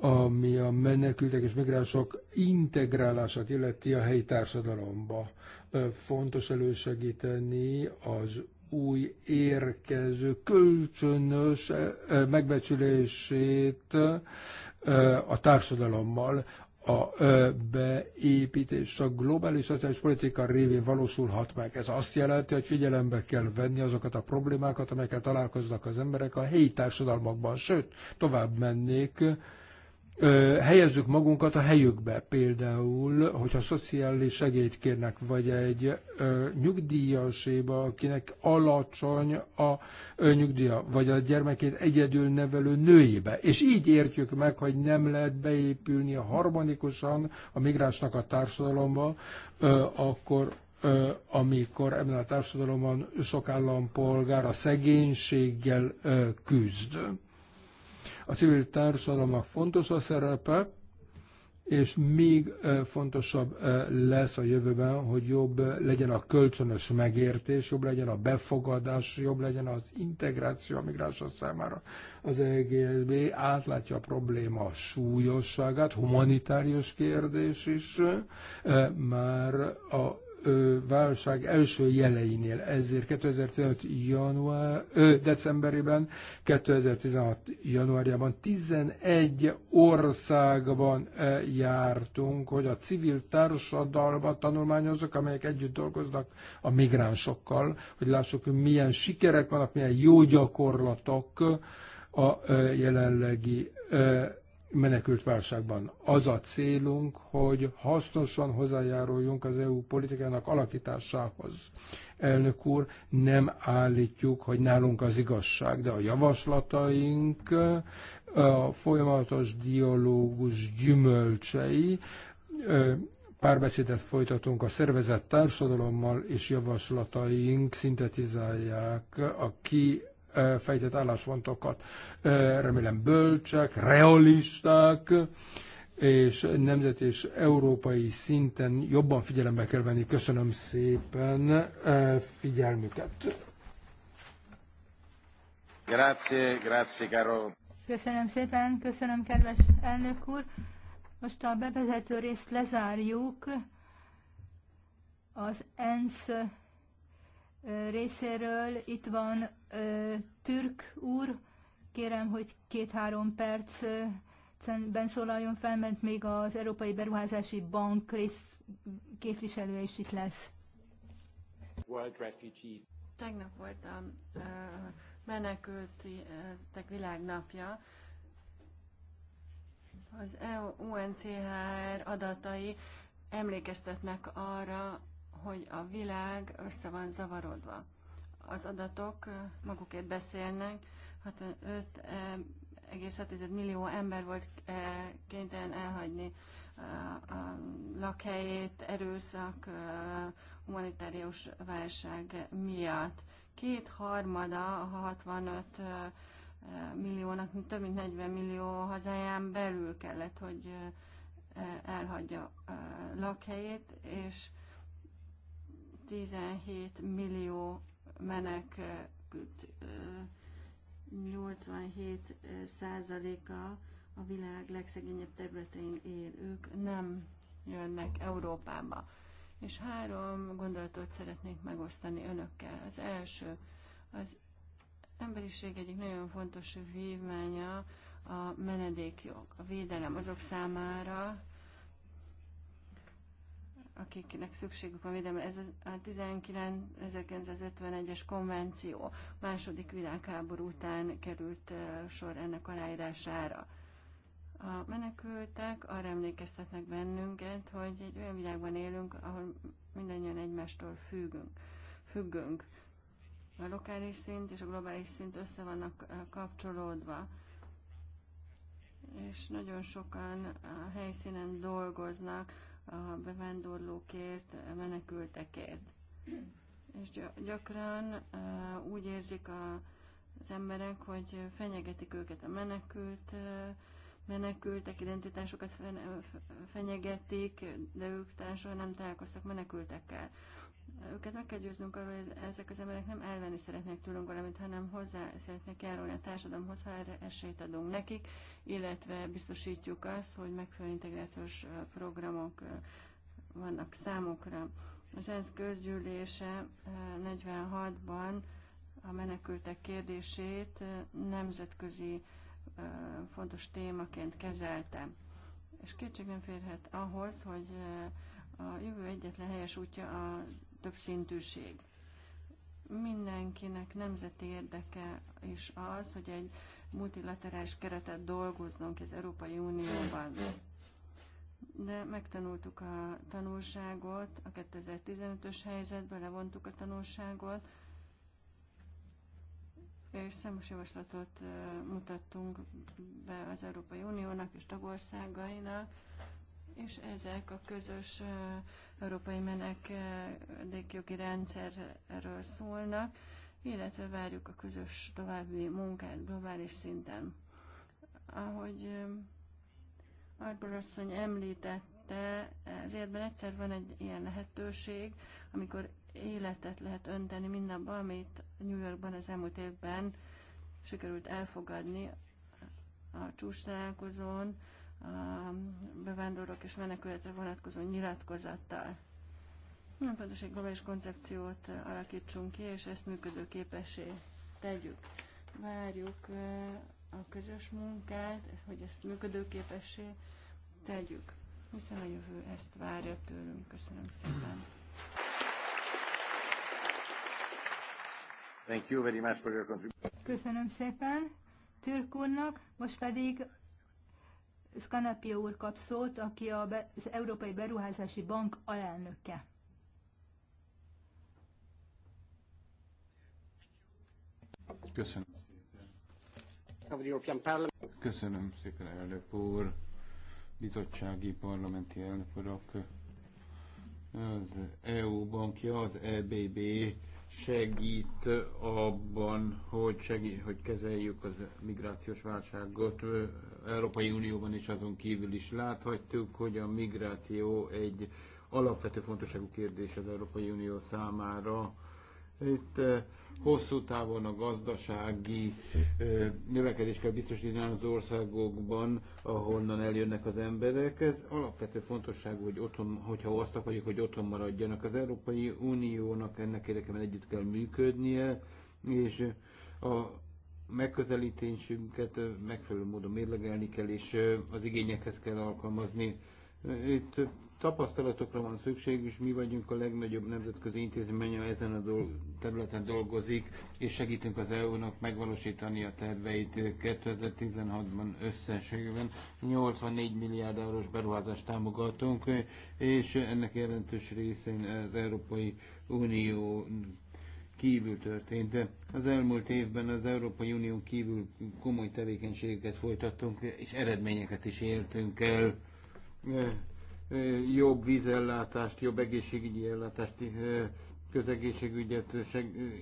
ami a menekültek és migránsok integrálását illeti a helyi társadalomba. Fontos elősegíteni az új érkező kölcsönös eh, megbecsülését eh, a társadalommal, a eh, beépítés a globális szociális politika révén valósulhat meg. Ez azt jelenti, hogy figyelembe kell venni azokat a problémákat, amelyekkel találkoznak az emberek a helyi társadalmakban. Sőt, tovább mennék, helyezzük magunkat a helyükbe. Például, hogyha szociális segélyt kérnek, vagy egy ö, nyugdíjaséba, akinek alacsony a ö, nyugdíja, vagy a gyermekét egyedül nevelő nőjébe. És így értjük meg, hogy nem lehet beépülni harmonikusan a migránsnak a társadalomba, ö, akkor amikor ebben a társadalomban sok állampolgár a szegénységgel küzd a civil társadalomnak fontos a szerepe, és még fontosabb lesz a jövőben, hogy jobb legyen a kölcsönös megértés, jobb legyen a befogadás, jobb legyen az integráció a migránsok számára. Az EGSB átlátja a probléma súlyosságát, humanitárius kérdés is, már a válság első jeleinél. Ezért 2015. Január, ö, decemberében, 2016. januárjában 11 országban jártunk, hogy a civil társadalmat tanulmányozok, amelyek együtt dolgoznak a migránsokkal, hogy lássuk, hogy milyen sikerek vannak, milyen jó gyakorlatok a jelenlegi menekült válságban. Az a célunk, hogy hasznosan hozzájáruljunk az EU politikának alakításához. Elnök úr, nem állítjuk, hogy nálunk az igazság, de a javaslataink a folyamatos dialógus gyümölcsei, párbeszédet folytatunk a szervezett társadalommal, és javaslataink szintetizálják a ki fejtett álláspontokat. Remélem bölcsek, realisták, és nemzet és európai szinten jobban figyelembe kell venni. Köszönöm szépen figyelmüket. Grazie, grazie, caro. Köszönöm szépen, köszönöm, kedves elnök úr. Most a bevezető részt lezárjuk. Az ENSZ részéről. Itt van Türk úr, kérem, hogy két-három percben szólaljon fel, mert még az Európai Beruházási Bank képviselő képviselője is itt lesz. World Refugee. Tegnap volt a uh, menekültek világnapja. Az e UNCHR adatai emlékeztetnek arra, hogy a világ össze van zavarodva. Az adatok magukért beszélnek, 65,6 millió ember volt kénytelen elhagyni a lakhelyét erőszak, humanitárius válság miatt. Két harmada a 65 milliónak, több mint 40 millió hazáján belül kellett, hogy elhagyja lakhelyét, és 17 millió menekült, 87 százaléka a világ legszegényebb területein él. Ők nem jönnek Európába. És három gondolatot szeretnék megosztani önökkel. Az első, az emberiség egyik nagyon fontos vívmánya a menedékjog, a védelem azok számára, akiknek szükségük van védelemre. Ez a 1951-es konvenció második világháború után került sor ennek aláírására. A menekültek arra emlékeztetnek bennünket, hogy egy olyan világban élünk, ahol mindannyian egymástól függünk. függünk. A lokális szint és a globális szint össze vannak kapcsolódva és nagyon sokan a helyszínen dolgoznak, a bevándorlókért, a menekültekért. És gyakran úgy érzik a, az emberek, hogy fenyegetik őket a menekült, menekültek, identitásokat fenyegetik, de ők társadalom nem találkoztak menekültekkel őket meg kell győznünk arról, hogy ezek az emberek nem elvenni szeretnek tőlünk valamit, hanem hozzá szeretnek járulni a társadalomhoz, ha erre esélyt adunk nekik, illetve biztosítjuk azt, hogy megfelelő integrációs programok vannak számukra. Az ENSZ közgyűlése 46-ban a menekültek kérdését nemzetközi fontos témaként kezelte. És kétség nem férhet ahhoz, hogy a jövő egyetlen helyes útja a többszintűség. Mindenkinek nemzeti érdeke is az, hogy egy multilaterális keretet dolgozzunk az Európai Unióban. De megtanultuk a tanulságot, a 2015-ös helyzetből levontuk a tanulságot, és számos javaslatot mutattunk be az Európai Uniónak és tagországainak, és ezek a közös európai menekdékjogi rendszerről szólnak, illetve várjuk a közös további munkát globális szinten. Ahogy Arbor asszony említette, ezért egyszer van egy ilyen lehetőség, amikor életet lehet önteni mindabba, amit New Yorkban az elmúlt évben sikerült elfogadni a csúcs találkozón, a bevándorlók és menekületre vonatkozó nyilatkozattal. Nagyon fontos egy globális koncepciót alakítsunk ki, és ezt működőképessé tegyük. Várjuk a közös munkát, hogy ezt működőképessé tegyük, hiszen a jövő ezt várja tőlünk. Köszönöm szépen! Thank you very much for your Köszönöm szépen Türk úrnak, most pedig Skanapia úr kap szót, aki az Európai Beruházási Bank alelnöke. Köszönöm szépen. Köszönöm szépen, elnök úr, bizottsági parlamenti elnök urak. Az EU bankja, az EBB segít abban, hogy, segít, hogy kezeljük az migrációs válságot Európai Unióban és azon kívül is. Láthatjuk, hogy a migráció egy alapvető fontosságú kérdés az Európai Unió számára itt hosszú távon a gazdasági növekedés kell biztosítani az országokban, ahonnan eljönnek az emberek. Ez alapvető fontosság, hogy otthon, hogyha azt akarjuk, hogy otthon maradjanak. Az Európai Uniónak ennek érdekében együtt kell működnie, és a megközelítésünket megfelelő módon mérlegelni kell, és az igényekhez kell alkalmazni. Itt tapasztalatokra van szükség, és mi vagyunk a legnagyobb nemzetközi intézmény, ezen a dol- területen dolgozik, és segítünk az EU-nak megvalósítani a terveit. 2016-ban összességében 84 milliárd eurós beruházást támogatunk, és ennek jelentős részén az Európai Unió kívül történt. Az elmúlt évben az Európai Unión kívül komoly tevékenységeket folytattunk, és eredményeket is értünk el jobb vízellátást, jobb egészségügyi ellátást, közegészségügyet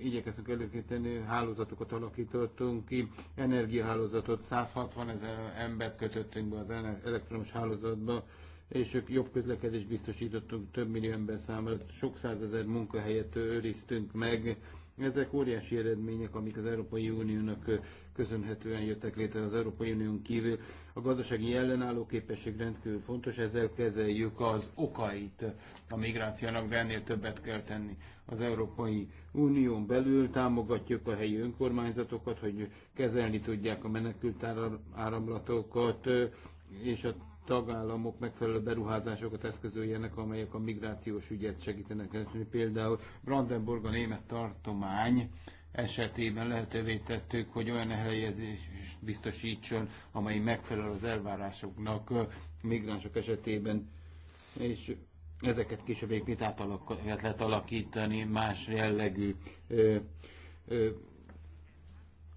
igyekeztünk előkészíteni, hálózatokat alakítottunk ki, energiahálózatot, 160 ezer embert kötöttünk be az elektromos hálózatba, és ők jobb közlekedést biztosítottunk több millió ember számára, sok százezer munkahelyet őriztünk meg. Ezek óriási eredmények, amik az Európai Uniónak köszönhetően jöttek létre az Európai Unión kívül. A gazdasági ellenálló képesség rendkívül fontos, ezzel kezeljük az okait a migrációnak, de ennél többet kell tenni. Az Európai Unión belül támogatjuk a helyi önkormányzatokat, hogy kezelni tudják a menekült áramlatokat, és a tagállamok megfelelő beruházásokat eszközöljenek, amelyek a migrációs ügyet segítenek. Például Brandenburg a német tartomány esetében lehetővé tettük, hogy olyan elhelyezést biztosítson, amely megfelel az elvárásoknak migránsok esetében, és ezeket később épp alak, lehet alakítani más jellegű ö, ö,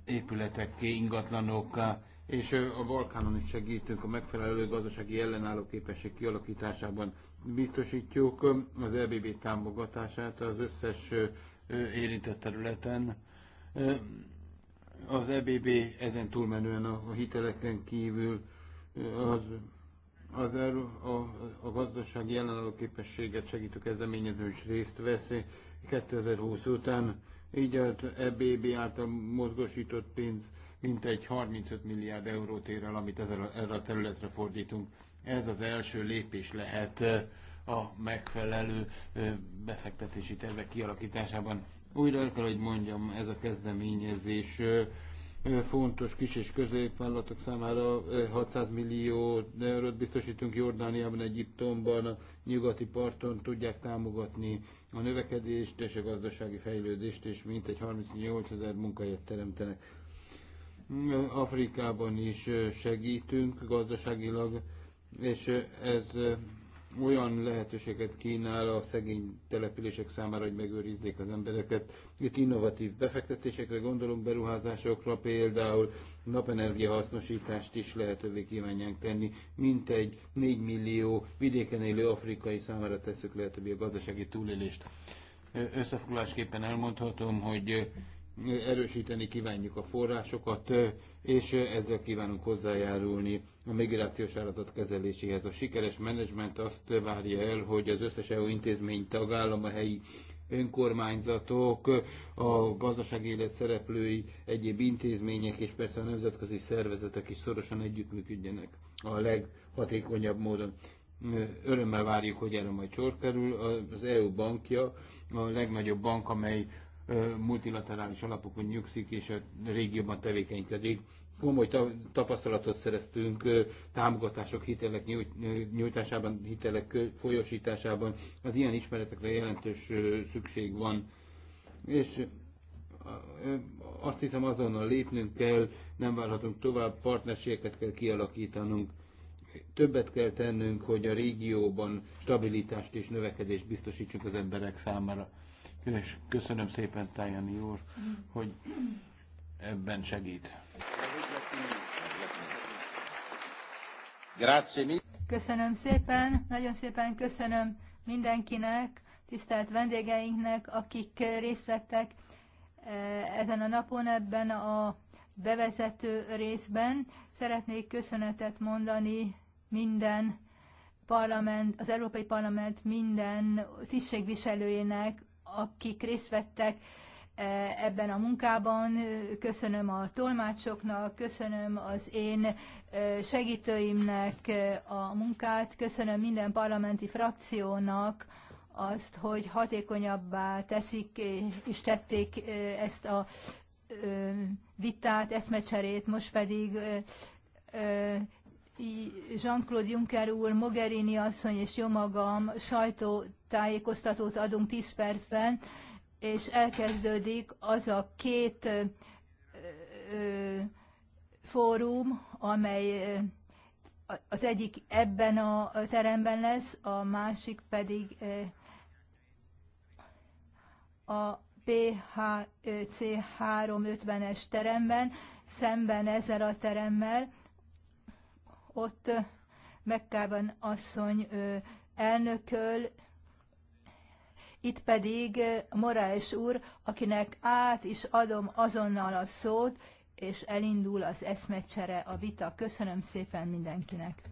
épületek, ingatlanok, és a Balkánon is segítünk a megfelelő gazdasági ellenálló képesség kialakításában. Biztosítjuk az EBB támogatását az összes érintett területen. Az EBB ezen túlmenően a hiteleken kívül az, az a, er, a, a gazdasági jelenálló képességet segítő kezdeményező is részt vesz 2020 után. Így az EBB által mozgosított pénz mintegy 35 milliárd eurót ér el, amit ezzel, erre a területre fordítunk. Ez az első lépés lehet a megfelelő befektetési tervek kialakításában. Újra el kell, hogy mondjam, ez a kezdeményezés fontos kis és középvállalatok számára 600 millió eurót biztosítunk Jordániában, Egyiptomban, a nyugati parton tudják támogatni a növekedést és a gazdasági fejlődést, és mintegy 38 ezer munkahelyet teremtenek. Afrikában is segítünk gazdaságilag, és ez olyan lehetőséget kínál a szegény települések számára, hogy megőrizzék az embereket. Itt innovatív befektetésekre gondolunk, beruházásokra például napenergia hasznosítást is lehetővé kívánják tenni. Mint egy 4 millió vidéken élő afrikai számára tesszük lehetővé a gazdasági túlélést. Összefoglalásképpen elmondhatom, hogy erősíteni kívánjuk a forrásokat, és ezzel kívánunk hozzájárulni a migrációs állatot kezeléséhez. A sikeres menedzsment azt várja el, hogy az összes EU intézmény tagállam, a helyi önkormányzatok, a gazdasági élet szereplői, egyéb intézmények és persze a nemzetközi szervezetek is szorosan együttműködjenek a leghatékonyabb módon. Örömmel várjuk, hogy erre majd sor kerül. Az EU bankja a legnagyobb bank, amely multilaterális alapokon nyugszik és a régióban tevékenykedik. Komoly tapasztalatot szereztünk támogatások, hitelek nyújtásában, hitelek folyosításában. Az ilyen ismeretekre jelentős szükség van. És azt hiszem azonnal lépnünk kell, nem várhatunk tovább, partnerségeket kell kialakítanunk. Többet kell tennünk, hogy a régióban stabilitást és növekedést biztosítsunk az emberek számára és köszönöm szépen Tajani úr, hogy ebben segít. Köszönöm szépen, nagyon szépen köszönöm mindenkinek, tisztelt vendégeinknek, akik részt vettek eh, ezen a napon ebben a bevezető részben. Szeretnék köszönetet mondani minden parlament, az Európai Parlament minden tisztségviselőjének, akik részt vettek e, ebben a munkában. Köszönöm a tolmácsoknak, köszönöm az én e, segítőimnek e, a munkát, köszönöm minden parlamenti frakciónak azt, hogy hatékonyabbá teszik és tették ezt a vitát, eszmecserét, most pedig Jean-Claude Juncker úr, Mogherini asszony és jó magam sajtó tájékoztatót adunk 10 percben, és elkezdődik az a két ö, ö, fórum, amely az egyik ebben a teremben lesz, a másik pedig a PHC 350-es teremben, szemben ezzel a teremmel. Ott Mekkában asszony elnököl, itt pedig Moraes úr, akinek át is adom azonnal a szót, és elindul az eszmecsere, a vita. Köszönöm szépen mindenkinek!